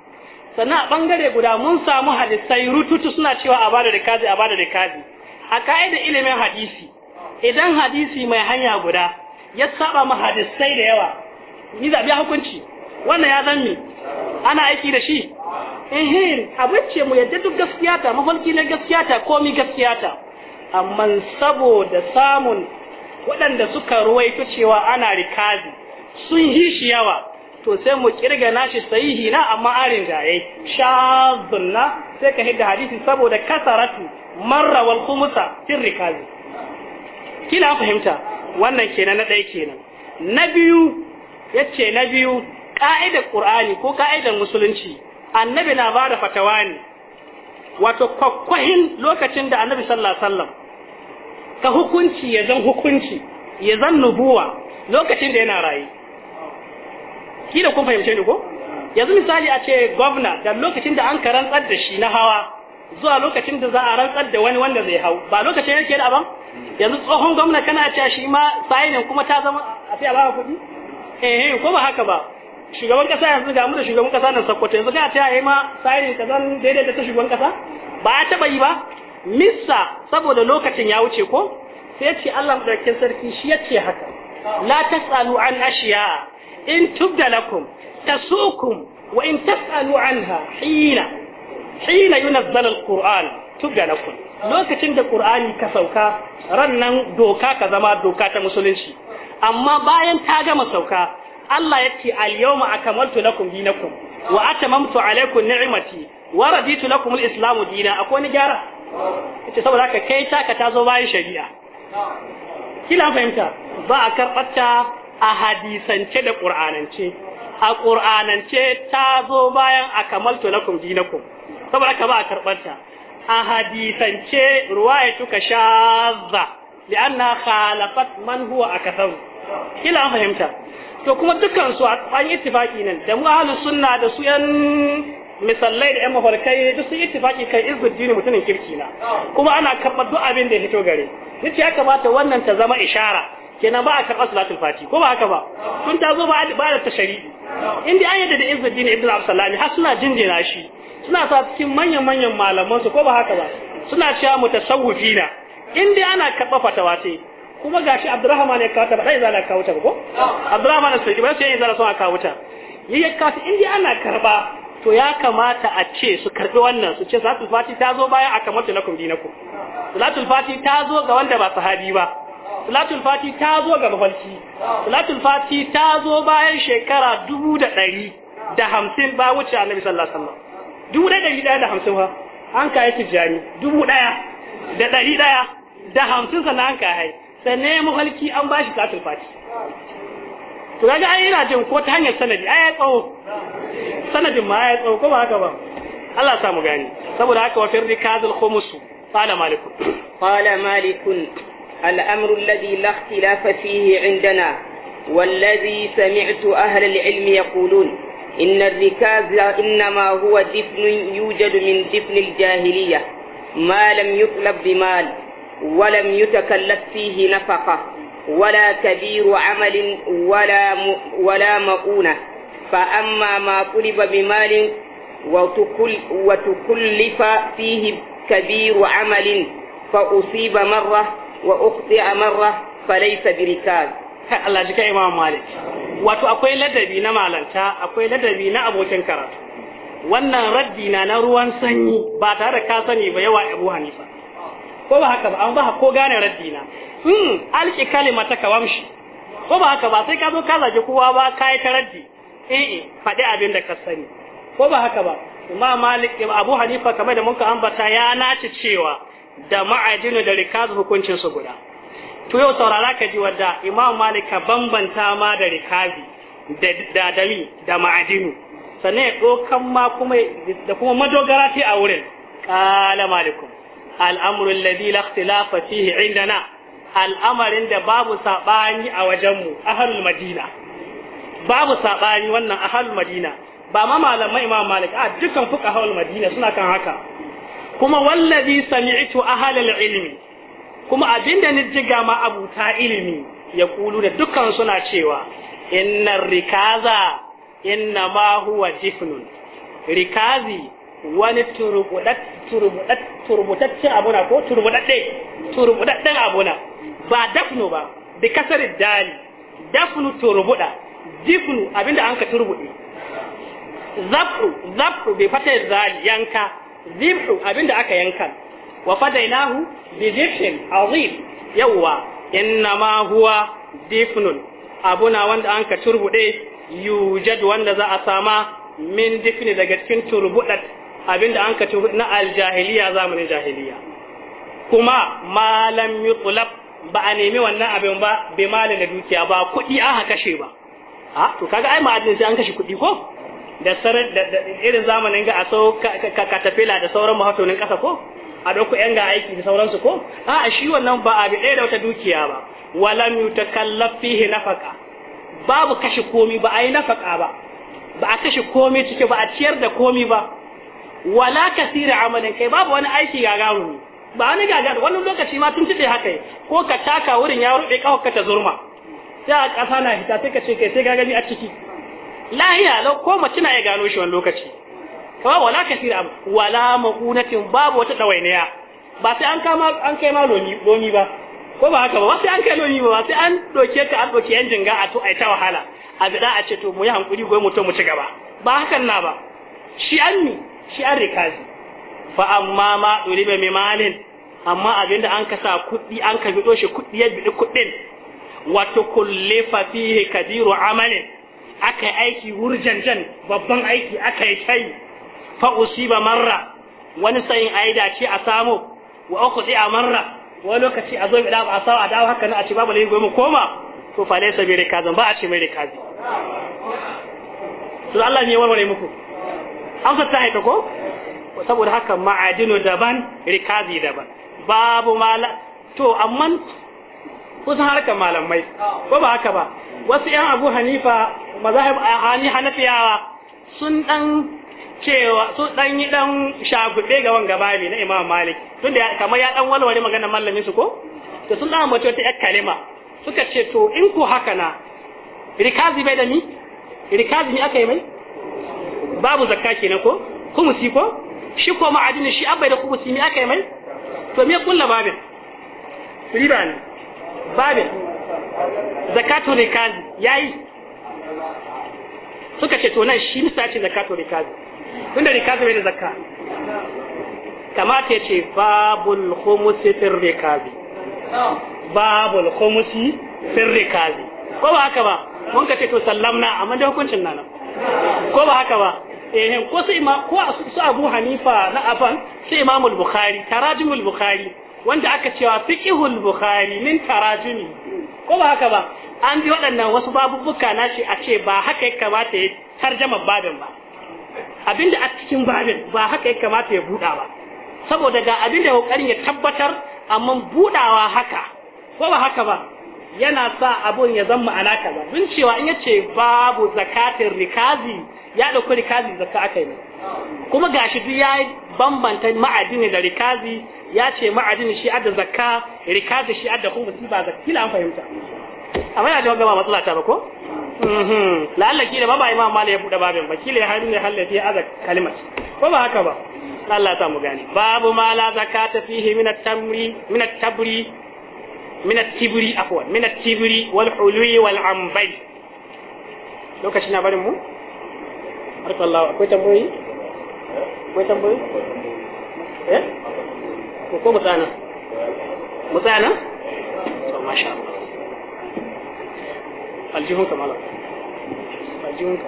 sannan a bangare guda mun samu hadisai rututu suna cewa a ba da rikazi a ba da rikazi a ka'idar ilimin hadisi idan hadisi mai hanya guda ya saba ma hadisai da yawa ni zabi hukunci wannan ya zanni ana aiki da shi ehin ce mu yadda duk gaskiya ta mafarki na gaskiya ta komi gaskiya ta amma saboda samun waɗanda suka ruwaito cewa ana rikazi sun yi shi yawa to sai mu kirga nashi sahihi na amma arin jaye shazunna sai ka hidda hadisi saboda kasaratu marra wal khumsa fil rikazi kila fahimta wannan kenan na ɗaya kenan na biyu yace na biyu ka'idar qur'ani ko ka'idar musulunci annabi na ba da fatawa ne wato kwakwahin lokacin da annabi sallallahu alaihi wasallam ka hukunci ya zan hukunci ya zan nubuwa lokacin da yana raye kila kun fahimce ni ko yanzu misali a ce gwamna da lokacin da an ka rantsar da shi na hawa zuwa lokacin da za a rantsar da wani wanda zai hau ba lokacin yake da abin yanzu tsohon gwamna kana cewa shi ma sayinin kuma ta zama a sai a bawa kuɗi eh, eh ko ba haka ba shugaban kasa yanzu ga mu da shugaban kasa nan sakkwato yanzu kana cewa eh ma sayinin kazan daidai da ta shugaban kasa ba a taba yi ba missa saboda lokacin ya wuce ko sai ce Allah madaukakin sarki shi ya ce haka la tasalu an ashiya in tubda lakum tasukum wa in tasalu anha hina hina yunazzal alquran tubda lakum lokacin da ƙur'ani ka sauka rannan doka ka zama doka ta musulunci amma bayan ta gama sauka Allah ya ce al-yawma akamaltu lakum dinakum wa atamamtu alaykum ni'mati wa raditu lakum al-islamu dina akwai ni gyara ita saboda haka kai taka ta zo bayan shari'a kila fahimta ba a karbata a hadisance da qur'anance a qur'anance ta zo bayan akamaltu lakum dinakum saboda haka ba a karbata a hadisance ya tuka shazza li'anna khalafat manhuwa a kasar. kila an fahimta to kuma dukkan su an yi ittifaki nan da mu ahlus sunna da su yan misallai da yan mafarkai duk sun yi ittifaki kan izzuddin mutumin kirki na kuma ana karɓar duk abin da ya fito gare nace ya kamata wannan ta zama ishara kenan ba a karɓar salatul fati ko ba haka ba tun ta zo ba da tashari in dai an yadda da izzuddin ibnu absalami har suna jinjina shi suna sa cikin manyan manyan malaman su ko ba haka ba suna cewa mutasawwifina in dai ana karɓa fatawa ce kuma gashi Abdurrahman ya kawo ta ba dai zala kawo ta ko Abdurrahman sai ba sai zala son a kawo ta yayi kawo in dai ana karba to ya kamata a ce su karbi wannan su ce salatul fati ta zo baya aka na kun dinaku salatul fati ta zo ga wanda ba sahabi ba Salatul Fati ta zo ga mafalki Salatul Fati ta zo bayan shekara dubu da ɗari da hamsin ba wuce annabi sallallahu alaihi wasallam. dubu ɗaya ɗari ɗaya da hamsin fa an kayi tijjani dubu ɗaya da ɗari ɗaya da hamsin sannan an kayi sannan ya mahalki an bashi katul fati to kaga ai yana jin ko ta hanyar sanadi ai ya tsawo sanadin ma ya tsawo ko ba haka ba Allah samu gani saboda haka wa firdi kazul khumus qala malik qala Malikun. الأمر الذي لا اختلاف فيه عندنا والذي سمعت أهل العلم يقولون إن الركاز إنما هو دفن يوجد من دفن الجاهلية ما لم يطلب بمال ولم يتكلف فيه نفقة ولا كبير عمل ولا ولا مؤونة فأما ما طلب بمال وتكل وتكلف فيه كبير عمل فأصيب مرة وأخطئ مرة فليس بركاز Allah shi kai Imam Malik wato akwai ladabi na malanta akwai ladabi na abokin karatu wannan raddi na na ruwan sanyi ba tare da ka sani ba yawa Abu Hanifa ko ba haka ba an ba ko gane raddi na hmm alki kalima ka kawamshi ko ba haka ba sai ka zo ka zage kowa ba kai ta raddi eh eh faɗi abin da ka sani ko ba haka ba Imam Malik Abu Hanifa kamar da muka ambata ya nace cewa da ma'ajinu da rikazu hukuncin su guda to yau saurara ka ji wadda imam malik ka bambanta ma da rikazi da dali da ma'adinu sannan ya ɗokan ma kuma da kuma madogara ce a wurin ƙala malikum al'amurin Ladi la ikhtilafa fihi indana al'amarin da babu saɓani a wajenmu ahlul madina babu saɓani wannan ahlul madina ba ma malamai imam malik a dukkan fuqahaul madina suna kan haka kuma wallazi sami'tu ahlul ilmi kuma abinda ni jiga ma abuta ilimi ya kulu da dukkan suna cewa inna rikaza inna ma huwa jifnun rikazi wani turbutaccen abuna ko turbutaccen abuna ba dafnu ba bi kasar dali dafnu turbuda jifnu abinda an ka turbuɗe zafu zafu bai fata zali yanka zifu abinda aka yankan wa fadainahu bi dhibhin azim yawa innama huwa difnun abuna wanda an ka turbuɗe yujad wanda za a sama min difni daga cikin turbudat abinda an ka turbuɗe na aljahiliya zamanin jahiliya kuma malam yutlab ba a nemi wannan abin ba bai malin da dukiya ba kuɗi aka kashe ba a to kaga ai ma'adin sai an kashe kuɗi ko da irin zamanin ga a sau katafila da sauran mahatonin ƙasa ko a ɗauko yan ga aiki da sauransu ko a shi wannan ba a bi ɗaya da wata dukiya ba walam kallafi fihi nafaka, babu kashe komi ba a yi nafaka ba ba a kashe komi cike ba a ciyar da komi ba wala kasira amalin kai babu wani aiki gagaru ba wani gagaru wani lokaci ma tun tuɗe haka ko ka taka wurin ya rufe kawai ka ta zurma sai a ƙasa na hita sai ka ce kai sai gagami a ciki lahiya lau ko mace na iya gano shi wani lokaci fa wala kasira wala maqunatin babu wata dawainiya ba sai an kama an kai ma loni ba ko ba haka ba ba sai an kai loni ba ba sai an doke ka an doke yan jinga a to ai ta wahala a bida a ce to mu yi hankuri goyi mutum mu ci gaba ba hakan na ba shi an ni shi an rikazi fa amma ma ulibe mai malin amma abinda an kasa kuɗi an ka fito shi kuɗi ya biɗi kuɗin wato kullifa fihi kadiru amalin aka aiki wurjanjan babban aiki aka yi kai fa usiba marra wani sayin ayi ce a samu wa ukhdi a marra wani lokaci a zo bi da a samu a dawo haka na a ce babu lai goma koma to fa laysa bi rikazan ba a ce mai rikazi to Allah ne warware muku amsa ta haita ko saboda haka ma'adinu daban rikazi daban babu mala to amma kusan harkar malamai ko ba haka ba wasu yan abu hanifa mazahib ani hanafiyawa sun dan cewa su dan yi dan shagube ga wanga babi na Imam Malik tunda kamar ya dan walwale magana mallamin su ko to sun dawo mace ta kalima suka ce to in ko haka na rikazi bai da ni rikazi ni aka yi mai babu zakka kenan ko si ko shi ko ma'adini shi abai da si mi aka yi mai to me kullu babin riba ne babin zakatu rikazi yayi suka ce to nan shi misali zakatu rikazi tunda rikabi bai da zakka kamata ya ce babul khumusi fil rikabi babul khumusi fil rikabi ko ba haka ba mun ka ce to sallamna amma da hukuncin nan ko ba haka ba eh ko su ima ko su Abu Hanifa na afan sai Imam bukhari tarajimul Bukhari wanda aka cewa fiqhul Bukhari min tarajimi ko ba haka ba an bi waɗannan wasu babubuka nashi a ce ba haka ya kamata ya tarjama babin ba abinda a cikin babin ba haka ya kamata ya buɗa ba saboda ga abinda ya kokarin ya tabbatar amma buɗawa haka ko ba haka ba yana sa abun ya zama ana kaza mun cewa in yace babu zakatin rikazi ya dauki rikazi zakka aka yi, kuma gashi duk yayi bambanta ma'adini da rikazi ya ce ma'adini shi adda zakka rikazi shi adda kuma ba zakka kila an fahimta amma ya ga matsala ta ba ko Mhm. la'alla kila ba ba imam mali ya buɗe babin ba kila ya harin ne hallafi aza kalimar ko ba haka ba Allah ta mu gani babu ma la zakata fihi min at-tamri min at-tabri min at-tibri afwa min at-tibri wal hulwi wal ambai lokaci na barin mu barkallahu akwai tamboyi akwai tamboyi eh ko ko mutana mutana to masha Allah aljihun ka mala aljihun ka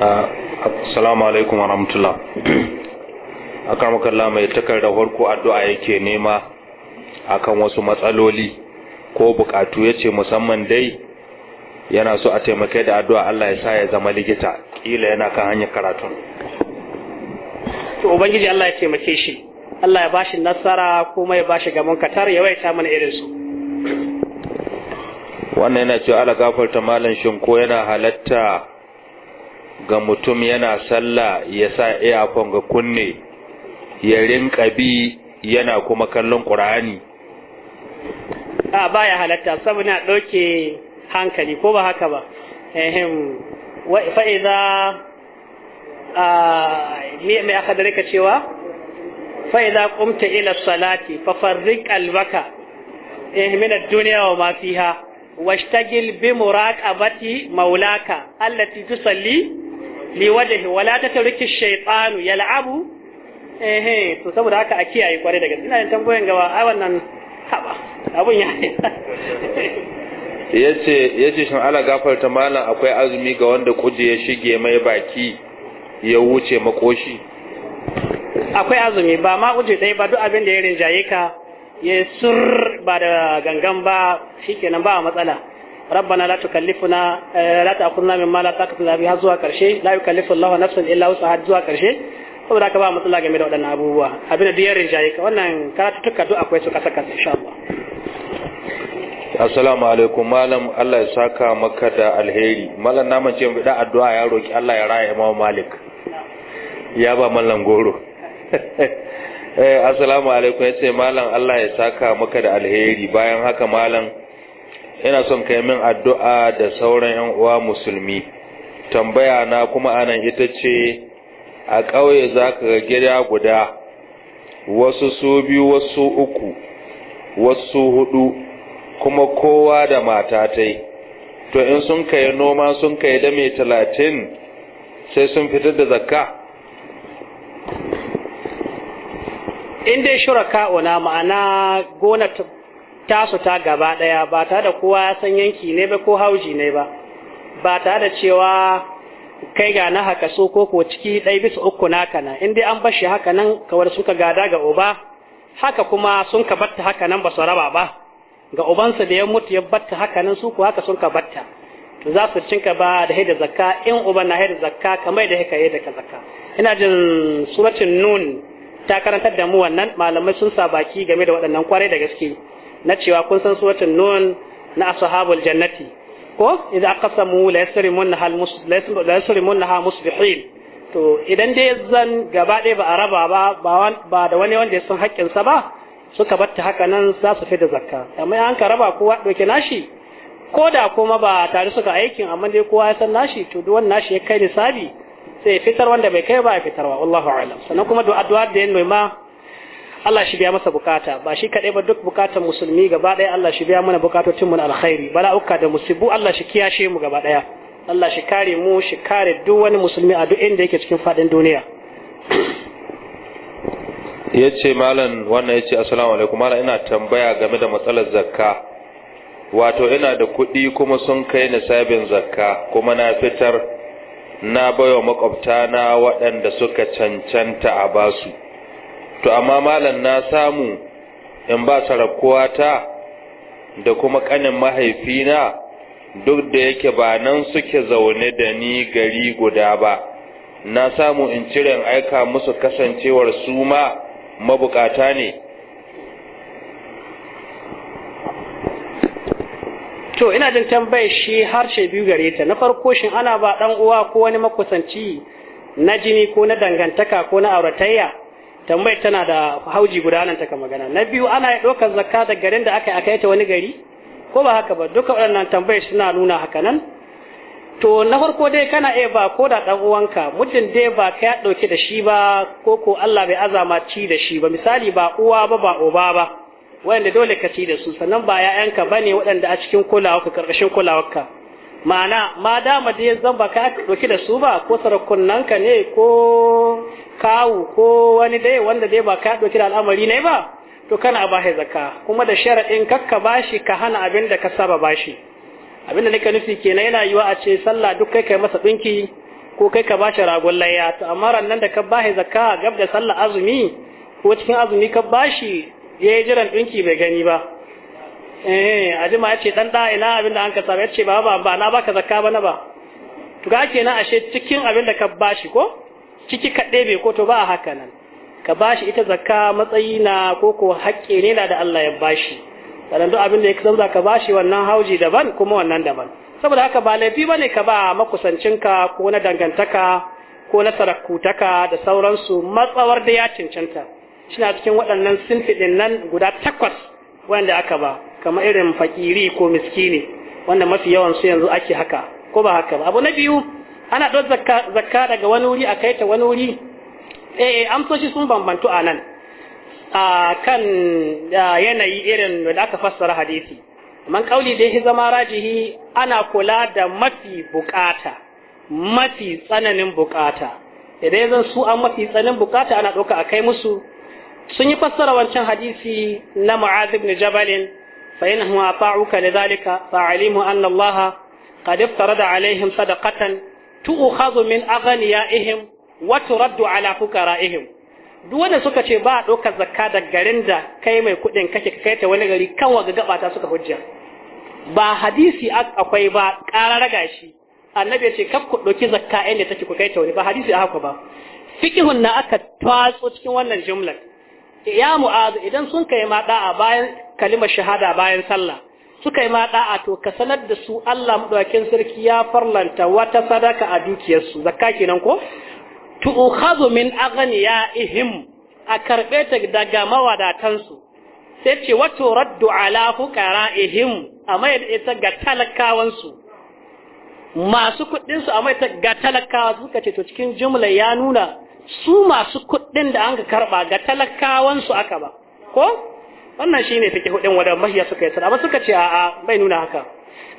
ah, Assalamu alaikum wa rahmatullah. Akamakalla mai takarda harko addu'a yake nema akan wasu matsaloli ko bukatu ya ce musamman dai yana so a taimake da addu'a Allah ya sa ya zama likita kila yana kan hanyar karatu. to ubangiji Allah ya taimake shi Allah ya bashi nasara kuma ya bashi gaban katar ya waita mana irin su wannan yana cewa ala gafarta malam shin ko yana halatta ga mutum yana sallah ya sa iyafon ga kunne ya rinka bi yana kuma kallon ƙur'ani a baya halatta saboda ɗauke hankali ko ba haka ba ehem fa'iza a aka da rika cewa fa'iza kumta ila salati fafarrik albaka eh, min ad-dunya wa ma fiha washtagil bi muraqabati maulaka allati tusalli li wajhi wa la tatruki ash yal'abu eh to saboda haka a kiyaye kware daga ina tambayoyin gaba ai wannan haba abun ya yace yace shin ala ta mana akwai azumi ga wanda kuje ya shige mai baki ya wuce makoshi akwai azumi ba ma kuje dai ba duk abin da ya rinjaye ka ya sur ba da gangan ba shikenan ba matsala rabbana la tukallifuna eh, la ta'khudna mimma la taqdiru bihi zuwa karshe la yukallifu Allahu nafsan illa wus'aha zuwa karshe saboda ka ba matsala game da waɗannan abubuwa abin da ya rinjaye ka wannan karatu tukka duk akwai su kasa kasa insha Allah assalamu alaikum malam Allah ya saka maka da alheri malam na mace mu da addu'a ya roki Allah ya raya Imam Malik ya ba malam goro eh assalamu alaikum yace malam Allah ya saka maka da alheri bayan haka malam ina son kai min addu'a da sauran yan uwa musulmi tambaya na kuma anan ita ce a ƙauye zaka ga gida guda wasu su biyu wasu uku wasu hudu kuma kowa da matatai to in sun kai noma sun kai da mai talatin sai sun fitar da zakka in dai shuraka'una ma'ana gona tasu ta gaba daya ba tare da kowa ya san yanki ne ba ko hauji ne ba ba tare da cewa kai ga na haka so ko ko ciki ɗaya bisa uku naka na in dai an bashi haka nan kawar suka gada ga uba haka kuma sun ka batta haka nan ba su raba ba ga ubansa da ya mutu ya batta haka nan su ku haka sun ka batta za su cinka ba da haida zakka in uban na haida zakka kamar da haka yadda ka zakka ina jin suratul nun ta karantar da mu wannan malamai sun sa baki game da waɗannan kwarai da gaske na cewa kun san suratul nun na ashabul jannati ko idza aqsamu la yasrimunha al muslimun la yasrimunha musbihin to idan dai zan gaba ɗaya ba a raba ba ba da wani wanda ya san haƙƙinsa ba suka batta haka nan za su da zakka amma an ka raba kowa ɗauke nashi ko da kuma ba tare suka aikin amma dai kowa ya san nashi to duk wannan nashi ya kai nisabi sai fitar wanda bai kai ba ya fitarwa wallahu a'lam sannan kuma du'a du'a da yin ma Allah shi biya masa bukata ba shi kadai ba duk bukatan musulmi gaba ɗaya Allah shi biya mana bukatotin mu na alkhairi bala'uka da musibu Allah shi kiyashe mu gaba ɗaya Allah shi kare mu shi kare duk wani musulmi a duk inda yake cikin fadin duniya ya ce malam wannan ya ce assalamu alaikum malam ina tambaya game da matsalar zakka wato ina da kuɗi kuma sun kai sabin zakka kuma na fitar na baiwa makwabta na waɗanda suka cancanta a basu to amma malam na samu in ba sarakuwa ta da kuma kanin mahaifina duk da yake ba nan suke zaune da ni gari guda ba na samu in cire aika musu kasancewar su ma mabukata ne to ina jin tambayar shi harshe biyu gare ta na farko shin ana ba dan uwa ko wani makusanci na jini ko na dangantaka ko na auratayya tambayar tana da hauji guda nan magana na biyu ana ɗaukar zakka da garin da aka yi aka yi ta wani gari ko ba haka ba duka waɗannan tambayar suna nuna haka nan to na farko dai kana iya ba ko da ɗan uwanka muddin dai ba ka ya ɗauki da shi ba ko ko Allah bai azama ci da shi ba misali ba uwa ba ba uba ba wanda dole ka ci da su sannan ba ‘ya'yanka ba ne waɗanda a cikin karkashin ƙarƙashin ka. ma'ana ma dama dai zan ba ka ɗauki da su ba ko ka ne ko kawu ko wani dai wanda dai ba ka ɗauki da al'amari ne ba to kana a bashi zakka kuma da shari'in kakka bashi ka hana abin da ka saba bashi abin da nake nufi kenan yana yiwa a ce sallah duk kai kai masa dinki ko kai ka bashi ragon layya to amma rannan da ka bashi zaka gab da sallah azumi ko cikin azumi ka bashi yayi jiran dinki bai gani ba eh ajima ya ce dan da ina abin da an ka saba ya ce baba ba na baka zakka ba na ba to ga kenan ashe cikin abin da ka bashi ko ciki kaɗe bai ko to ba a haka nan ka bashi ita zakka matsayi na koko haƙƙi ne na da Allah ya bashi sanan duk abin da ya zama ka bashi wannan hauji daban kuma wannan daban saboda haka ba laifi bane ka ba makusancinka ko na dangantaka ko na sarakutaka da sauransu matsawar da ya cancanta shina cikin waɗannan sinfidin nan guda takwas wanda aka ba kamar irin fakiri ko miskini wanda mafi yawan su yanzu ake haka ko ba haka ba abu na biyu ana ɗau zakka daga wani wuri a kai ta wani wuri eh amsoshi sun bambantu a nan a kan yanayi irin da aka fassara hadisi man kauli da ya zama rajihi ana kula da mafi bukata mafi tsananin bukata idan zan su an mafi tsananin bukata ana ɗauka a kai musu sun yi fassara wancan hadisi na mu'adh ibn jabalin fa innahu ata'uka lidhalika alimu anna Allah qad iftarada alaihim sadaqatan tu'khadhu min aghniyaihim wato raddu ala fuqara'ihim duk wanda suka ce ba a ɗaukar zakka da garin da kai mai kuɗin kake kai ta wani gari kan ga gabata suka hujja ba hadisi akwai ba ƙarar gashi annabi ya ce kaf ku ɗauki zakka inda take ku kai ta wani ba hadisi haka ba fikihun na aka tatso cikin wannan jumlar ya mu'azu idan sun kai ma da'a bayan kalima shahada bayan sallah suka yi ma da'a to ka sanar da su Allah madaukakin sarki ya farlanta wata sadaka a dukiyarsu zakka kenan ko tu'khadhu min aghniyaihim a karbe ta daga mawadatansu sai ce wato raddu ala fuqara'ihim amma ita ga talakawansu masu kuɗinsu su amma ita ga talakawa suka ce to cikin jumla ya nuna su masu kuɗin da an ka karba ga talakawansu aka ba ko wannan shine take hudin wadan mahiya suka yi amma suka ce a'a bai nuna haka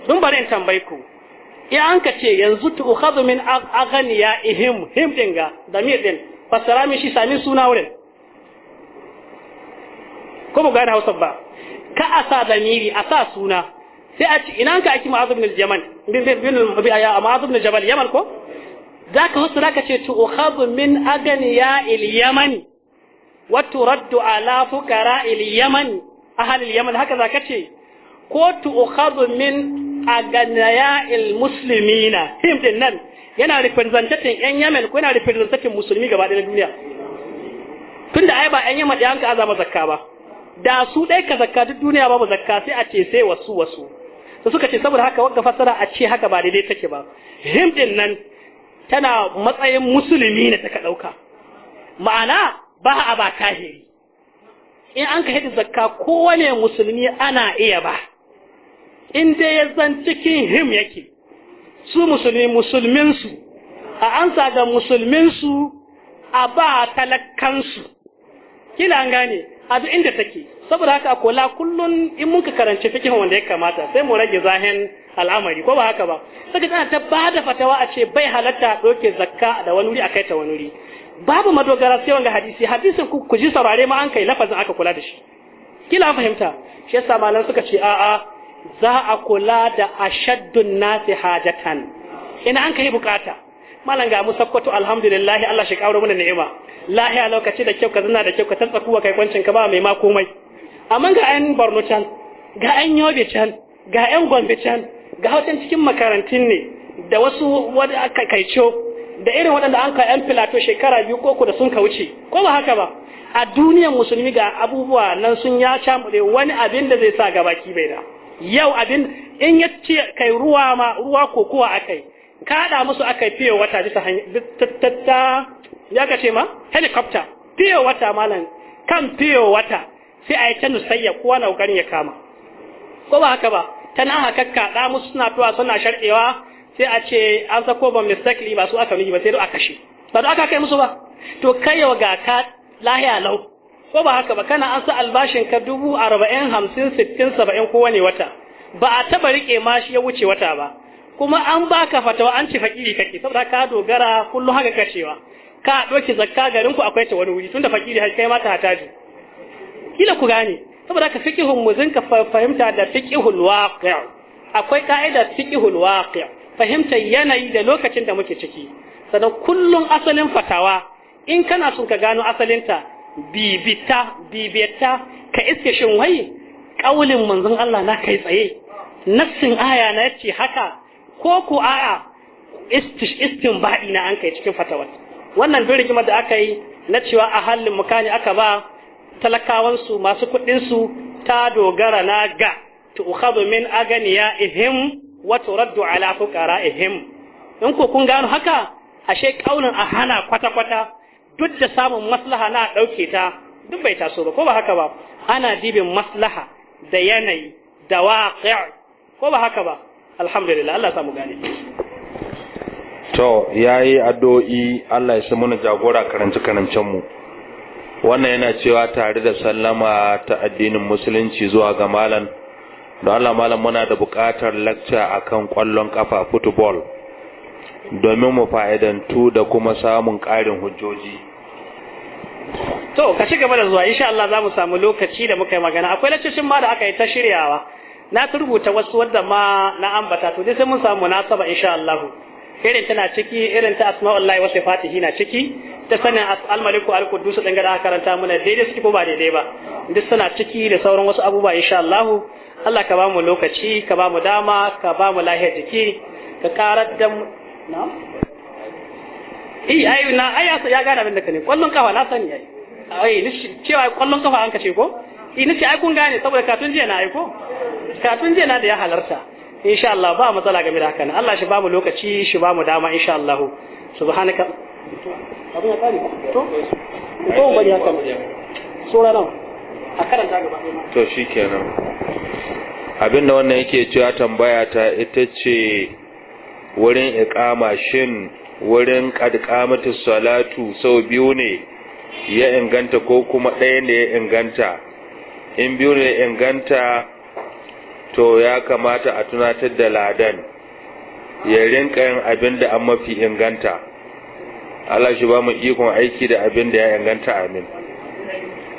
dun bare in tambayi ku in an ka ce yanzu tu'khadhu min aghniya ihim him din ga damir din fasara mi shi sami suna wurin ko mu gane Hausa ba ka asa damiri asa suna sai a ce ina ka aki ma'azib bin yaman bin bin bi aya ma'azub bin jabal yaman ko zaka fassara ka ce tu'khadhu min aghniya il yaman wa turaddu ala fuqara il yaman ahli al yaman haka zaka ce ko tu'khadhu min a ganaya muslimina him din nan yana representatin yan yamen ko yana representatin musulmi gaba ɗaya duniya tunda ai ba yan yamen da yanka azama zakka ba da su dai ka zakka duk duniya babu zakka sai a ce sai wasu wasu su suka ce saboda haka wagga fasara a ce haka ba daidai take ba him din nan tana matsayin musulmi ne take dauka ma'ana ba a ba tahiri in an ka hidi zakka kowane musulmi ana iya ba in dai ya zan cikin him yake su musulmi musulminsu a ansa ga musulminsu a ba talakansu kila an gane a duk inda take saboda haka a kola kullun in muka karanci fikihin wanda ya kamata sai mu rage zahin al'amari ko ba haka ba saka tana ta ba da fatawa a ce bai halatta a zakka da wani wuri a kai ta wani wuri babu madogara sai wanga hadisi hadisin ku ku ji saurare ma an kai lafazin aka kula da shi kila fahimta shi yasa malan suka ce a'a za a kula da ashaddun nasi hajatan ina an kai bukata malam ga mu sakkwato alhamdulillah Allah shi kawo mana ni'ima lahiya lokaci da kyau ka zina da kyau ka tantsa kuwa kai kwancin ka ba mai ma komai amma ga ayan Borno can ga ayan Yobe can ga ayan Gombe can ga hausan cikin makarantun ne da wasu wanda aka kaico da irin waɗanda an kai yan filato shekara biyu ko ku da sun ka wuce ko ba haka ba a duniyar musulmi ga abubuwa nan sun ya camuɗe wani abin da zai sa gabaki bai da yau abin in ya ce kai ruwa ma ruwa kokowa akai kada musu akai fiye wata bisa ta ya kace ma helicopter fiye wata malam kan fiye wata sai a yi canu nusayya kowa na kokarin ya kama ko ba haka ba ta na haka kada musu suna fiwa suna sharɗewa sai a ce an sako ba mistakli ba su aka miji ba sai a kashe ba da aka kai musu ba to kai yau ga ka lahiya lau ko ba haka ba kana an sa albashin ka dubu arba'in hamsin sittin saba'in ko wata ba a taba riƙe mashi ya wuce wata ba kuma an baka fatawa an ci fakiri kake saboda ka dogara kullum haka cewa ka ɗauki zakka garin ku akwai ta wani wuri tunda fakiri har kai ma ta hataji kila ku gane saboda ka fiqhun muzin ka fahimta da fiqhul waqi' akwai ka'idar fiqhul waqi' fahimtar yanayi da lokacin da muke ciki sannan kullum asalin fatawa in kana son ka gano asalinta bibita bibita ka iske shin wai kaulin manzon Allah na kai tsaye nassin aya na yace haka ko ku aya istin baɗi na an kai cikin fatawar wannan duk rigimar da aka yi na cewa a halin mukani aka ba talakawan su masu kuɗinsu ta dogara na ga tu'khadhu min aganiya ihim wa turaddu ala fuqara ihim in ko kun gano haka ashe kaulin a hana kwata kwata duk da samun maslaha na ɗauke ta duk bai taso ba ko ba haka ba ana dibin maslaha da yanayi da waƙi ko ba haka ba alhamdulillah Allah samu gane to yayi addu'o'i Allah ya samu jagora karanci karancen mu wannan yana cewa tare da sallama ta addinin musulunci zuwa ga malam don Allah malam muna da buƙatar lecture akan ƙwallon kafa football domin mu fa'idantu da kuma samun ƙarin hujjoji to ka ci gaba da zuwa insha Allah za mu samu lokaci da muka yi magana akwai lacocin ma da aka yi ta shiryawa na rubuta wasu wadda ma na ambata to dai sai mun samu munasaba insha Allah irin tana ciki irin ta asma'ullahi wa sifatihi na ciki ta sanin al-maliku al-quddus din ga karanta muna daidai suke ko ba daidai ba duk suna ciki da sauran wasu abubuwa insha Allah Allah ka bamu lokaci ka bamu dama ka ba mu lahiyar jiki ka karar da na'am eh ai na ai ya gane abin da ka ne kwallon kafa na sani ai ai ni cewa kwallon kafa an kace ko eh nace ai kun gane saboda katun jiya na ai ko katun jiya na da ya halarta insha Allah ba matsala game da haka Allah shi ba mu lokaci shi ba mu dama insha Allah subhanaka abin ya kare to to bari haka sura nan a karanta gaba to shikenan abinda wannan yake cewa tambaya ta ita ce wurin iqama shin wurin ƙadƙamata salatu sau biyu ne ya inganta ko kuma ɗaya ne ya inganta in biyu ne ya inganta to ya kamata a tunatar da ladan ya rinka yin abin da an mafi inganta Allah shi ba mu ikon aiki da abin da ya inganta amin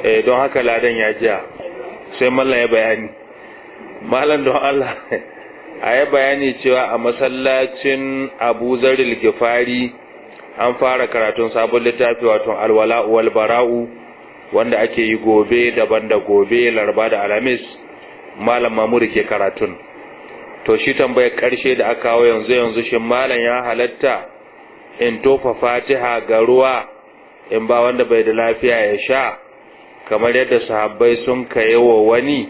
eh don haka ladan ya jiya sai mallan ya bayani malam don Allah a yi bayani cewa a masallacin abu zaril gifari an fara karatun sabon littafi wato alwala'u wal bara'u wanda ake yi gobe daban da gobe laraba da alamis malam mamuri ke karatun to shi tambayar karshe da aka kawo yanzu yanzu shi malam ya halatta in tofa fatiha ga ruwa in ba wanda bai da lafiya ya sha kamar yadda sahabbai sun wa wani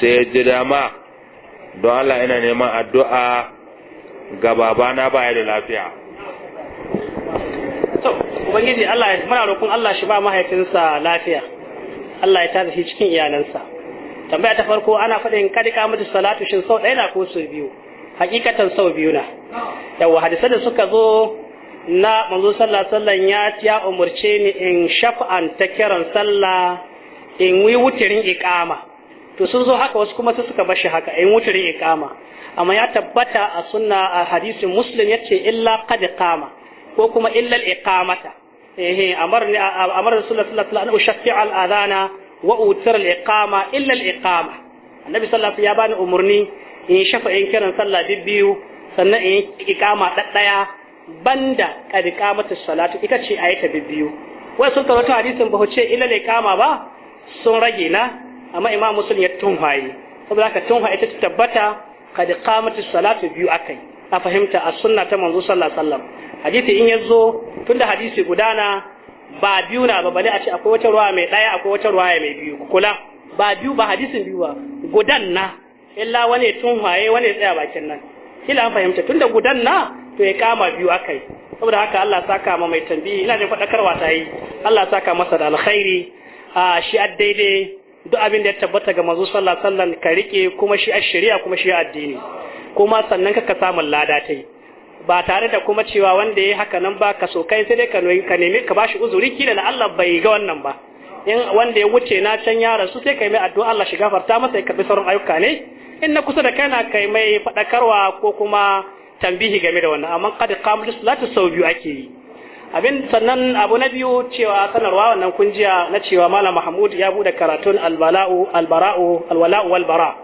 sai ya ji dama don Allah ina neman addu'a ga babana ya da lafiya to ubangiji Allah ya muna roƙon Allah shi ba mahaifinsa lafiya Allah ya ta shi cikin iyalansa tambaya ta farko ana faɗin kadi kamata salatu shin sau ɗaya na ko sau biyu hakikatan sau biyu na Yawwa hadisai da suka zo na manzo sallah sallan ya ya umarce ni in shaf'an ta kiran sallah in wi wutirin iqama to sun zo haka wasu kuma su suka bashi haka ayin wuturi iqama amma ya tabbata a sunna a hadisin muslim yace illa qad qama ko kuma illa al iqamata eh amar ni amar rasulullah sallallahu alaihi wasallam ushaffi'a al adana wa utir al iqama illa al iqama annabi sallallahu alaihi wasallam ya bani umurni in shafa in kiran sallah biyu sannan in iqama daddaya banda qad qamatu salatu ita ce ayata biyu wai sun karanta hadisin ba ce illa al iqama ba sun rage na amma imam muslim ya tunhaye saboda haka ita ta tabbata kad qamatis salatu biyu akai a fahimta a sunna ta manzo sallallahu alaihi wasallam hadisi in yazo tunda hadisi gudana ba biyu na ba bale a ce akwai wata ruwa mai daya akwai wata ruwa mai biyu kula ba biyu ba hadisin biyu ba gudan na illa wani tunhaye wani tsaya bakin nan kila an fahimta tunda gudan na to ya kama biyu akai saboda haka Allah saka ma mai tambayi ina jin fadakarwa ta yi Allah saka masa da alkhairi ah, a shi daidai duk abin da ya tabbata ga manzo sallallahu alaihi ka rike kuma shi shari'a kuma shi addini kuma sannan ka samu lada ta ba tare da kuma cewa wanda ya haka nan ba ka so kai sai dai ka ka nemi ka bashi uzuri kila da Allah bai ga wannan ba in wanda ya wuce na can ya su sai kai mai addu'a Allah shi gafarta masa ya karbi sauran ayyuka ne in na kusa da kana kai mai fadakarwa ko kuma tambihi game da wannan amma kada qamul salatu sau biyu ake yi abin sannan abu na biyu cewa sanarwa wannan kunjiya na cewa malam mahmud ya bude karatun albala'u albara'u alwala'u walbara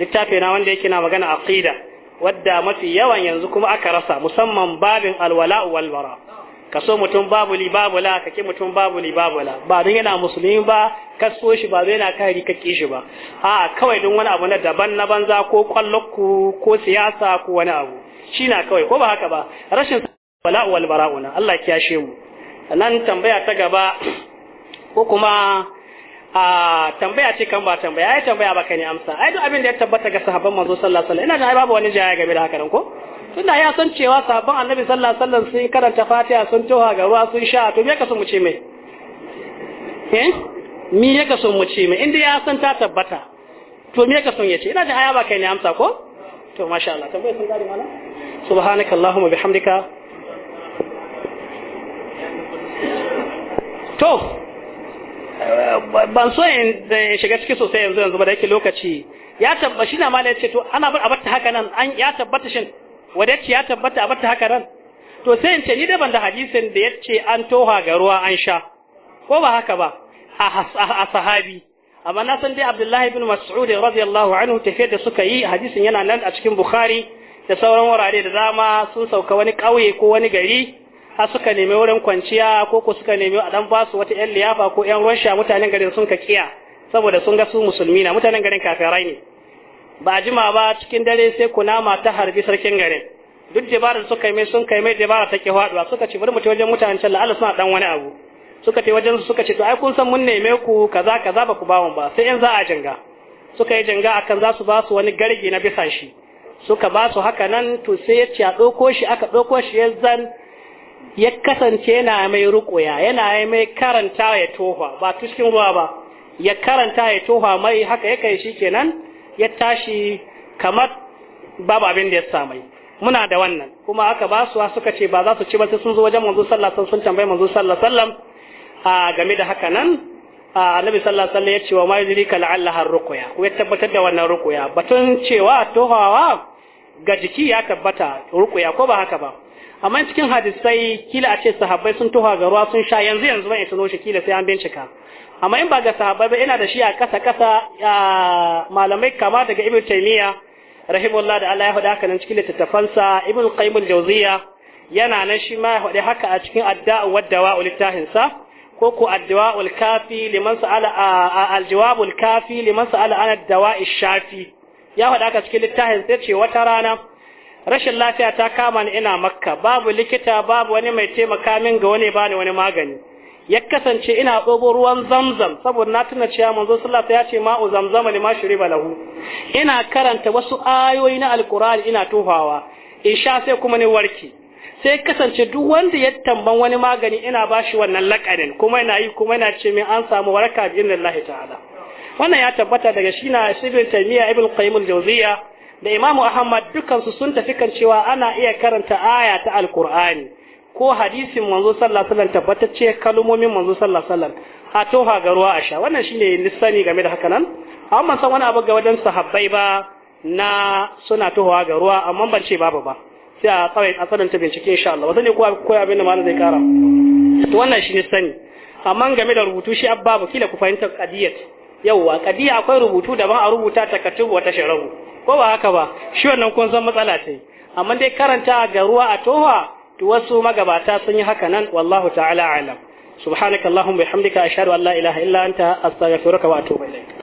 littafi na wanda yake na magana aqida wadda mafi yawan yanzu kuma aka rasa musamman babin alwala'u walbara kaso mutum babu li babu la kake mutum babu li babu la ba don yana musulmi ba kaso shi ba zai yana kari kake shi ba a kawai don wani abu na daban na banza ko kwallon ko siyasa ko wani abu shi na kawai ko ba haka ba rashin wala wal bara'una Allah ya kiyashe mu nan tambaya ta gaba ko kuma a tambaya ce kan ba tambaya ai tambaya baka ne amsa ai duk abin da ya tabbata ga sahabban manzo sallallahu alaihi wasallam ina da babu wani jaya game da haka ko tunda ya san cewa sahabban annabi sallallahu alaihi wasallam sun karanta fatiha sun toha ga ruwa sun sha to me ka so mu ce mai eh me ya ka so mu ce mai inda ya san ta tabbata to me ka so ya ce ina da aya baka ne amsa ko to masha Allah tambayar sun gari mana subhanakallahumma bihamdika to ban so in shiga ciki sosai yanzu yanzu ba da yake lokaci ya tabbata shi na mala ce to ana bar abarta haka nan ya tabbata shin wadacce ya tabbata abarta haka nan to sai in ce ni da ban da hadisin da yace an toha ga ruwa an sha ko ba haka ba a sahabi amma na san dai Abdullahi bin Mas'ud radiyallahu anhu tafiyar da suka yi hadisin yana nan a cikin Bukhari da sauran wurare da dama sun sauka wani kauye ko wani gari har suka nemi wurin kwanciya ko ko suka nemi a dan basu wata yan liyafa ko yan rusha mutanen garin sun ka saboda sun ga su musulmi na mutanen garin kafirai ne ba jima ba cikin dare sai kunama ta harbi sarkin garin duk dabarar suka yi mai sun kai mai dabara ta ke faduwa suka ce bari mu wajen mutanen can la'alla suna dan wani abu suka ce wajen su suka ce to ai kun san mun neme ku kaza kaza ba ku mu ba sai in za a janga suka yi janga akan za su ba su wani garge na bisa shi suka ba su haka nan to sai ya ce a ɗauko shi aka ɗauko shi ya zan ya kasance yana mai rukuya yana mai karanta ya tofa ba cikin ruwa ba ya karanta ya tofa mai haka ya kai shi kenan ya tashi kamar babu abin da ya samai muna da wannan kuma aka ba su suka ce ba za su ci ba sai sun zo wajen manzo sallallahu alaihi sun tambayi manzo sallallahu alaihi a game da haka nan annabi sallallahu alaihi ya ce wa ma yudrika la'allaha ruqya ko ya tabbatar da wannan rukuya batun cewa tohawa ga jiki ya tabbata rukuya ko ba haka ba amma cikin hadisai kila a ce sahabbai sun tuha ga ruwa sun sha yanzu yanzu ban ita shi kila sai an bincika amma in ba ga sahabbai ba ina da shi a kasa kasa malamai kama daga ibnu taymiya rahimullah da Allah ya faɗa haka nan cikin littattafansa ibn qayyim al-jawziya yana nan shi ma ya faɗi haka a cikin adda'u waddawa littafin sa ko ko adda'u al-kafi liman sa'ala al-jawab al-kafi liman sa'ala an ad-dawa'i shafi ya faɗa haka cikin littafin sai ce wata rana rashin lafiya ta kama ni ina makka babu likita babu wani mai taimaka min ga wani bani wani magani ya kasance ina tsobo ruwan zamzam saboda na tuna cewa manzo sallallahu ya ce ma'u zamzama ma shuriba lahu ina karanta wasu ayoyi na alqur'ani ina tufawa in sha sai kuma ni warki sai kasance duk wanda ya tamban wani magani ina bashi wannan lakarin kuma ina yi kuma ina ce min an samu waraka bi ta'ala wannan ya tabbata daga shi na ibn taymiya ibn qayyim al da Imam Ahmad dukansu sun tafi kan cewa ana iya karanta aya ta Alkur'ani ko hadisin manzo sallallahu alaihi wasallam tabbatacce kalmomin manzo sallallahu alaihi wasallam a to ga ruwa a sha wannan shine lissani game da haka nan amma san wani abu ga wajen sahabbai ba na suna tohawa ga ruwa amma ban ce babu ba sai a tsawai a ta bincike insha Allah wanda ne ko ko abin da malamin zai kara to wannan shine sani amma game da rubutu shi abba kila ku fahimta qadiyat yauwa qadiya akwai rubutu da a rubuta takatubu wata sharabu ko ba haka ba shi wannan kun san matsala ce amma dai karanta ga ruwa a toha to wasu magabata sun yi haka nan wallahu ta'ala alam subhanakallahumma bihamdika ashhadu an la ilaha illa anta astaghfiruka wa atubu ilaik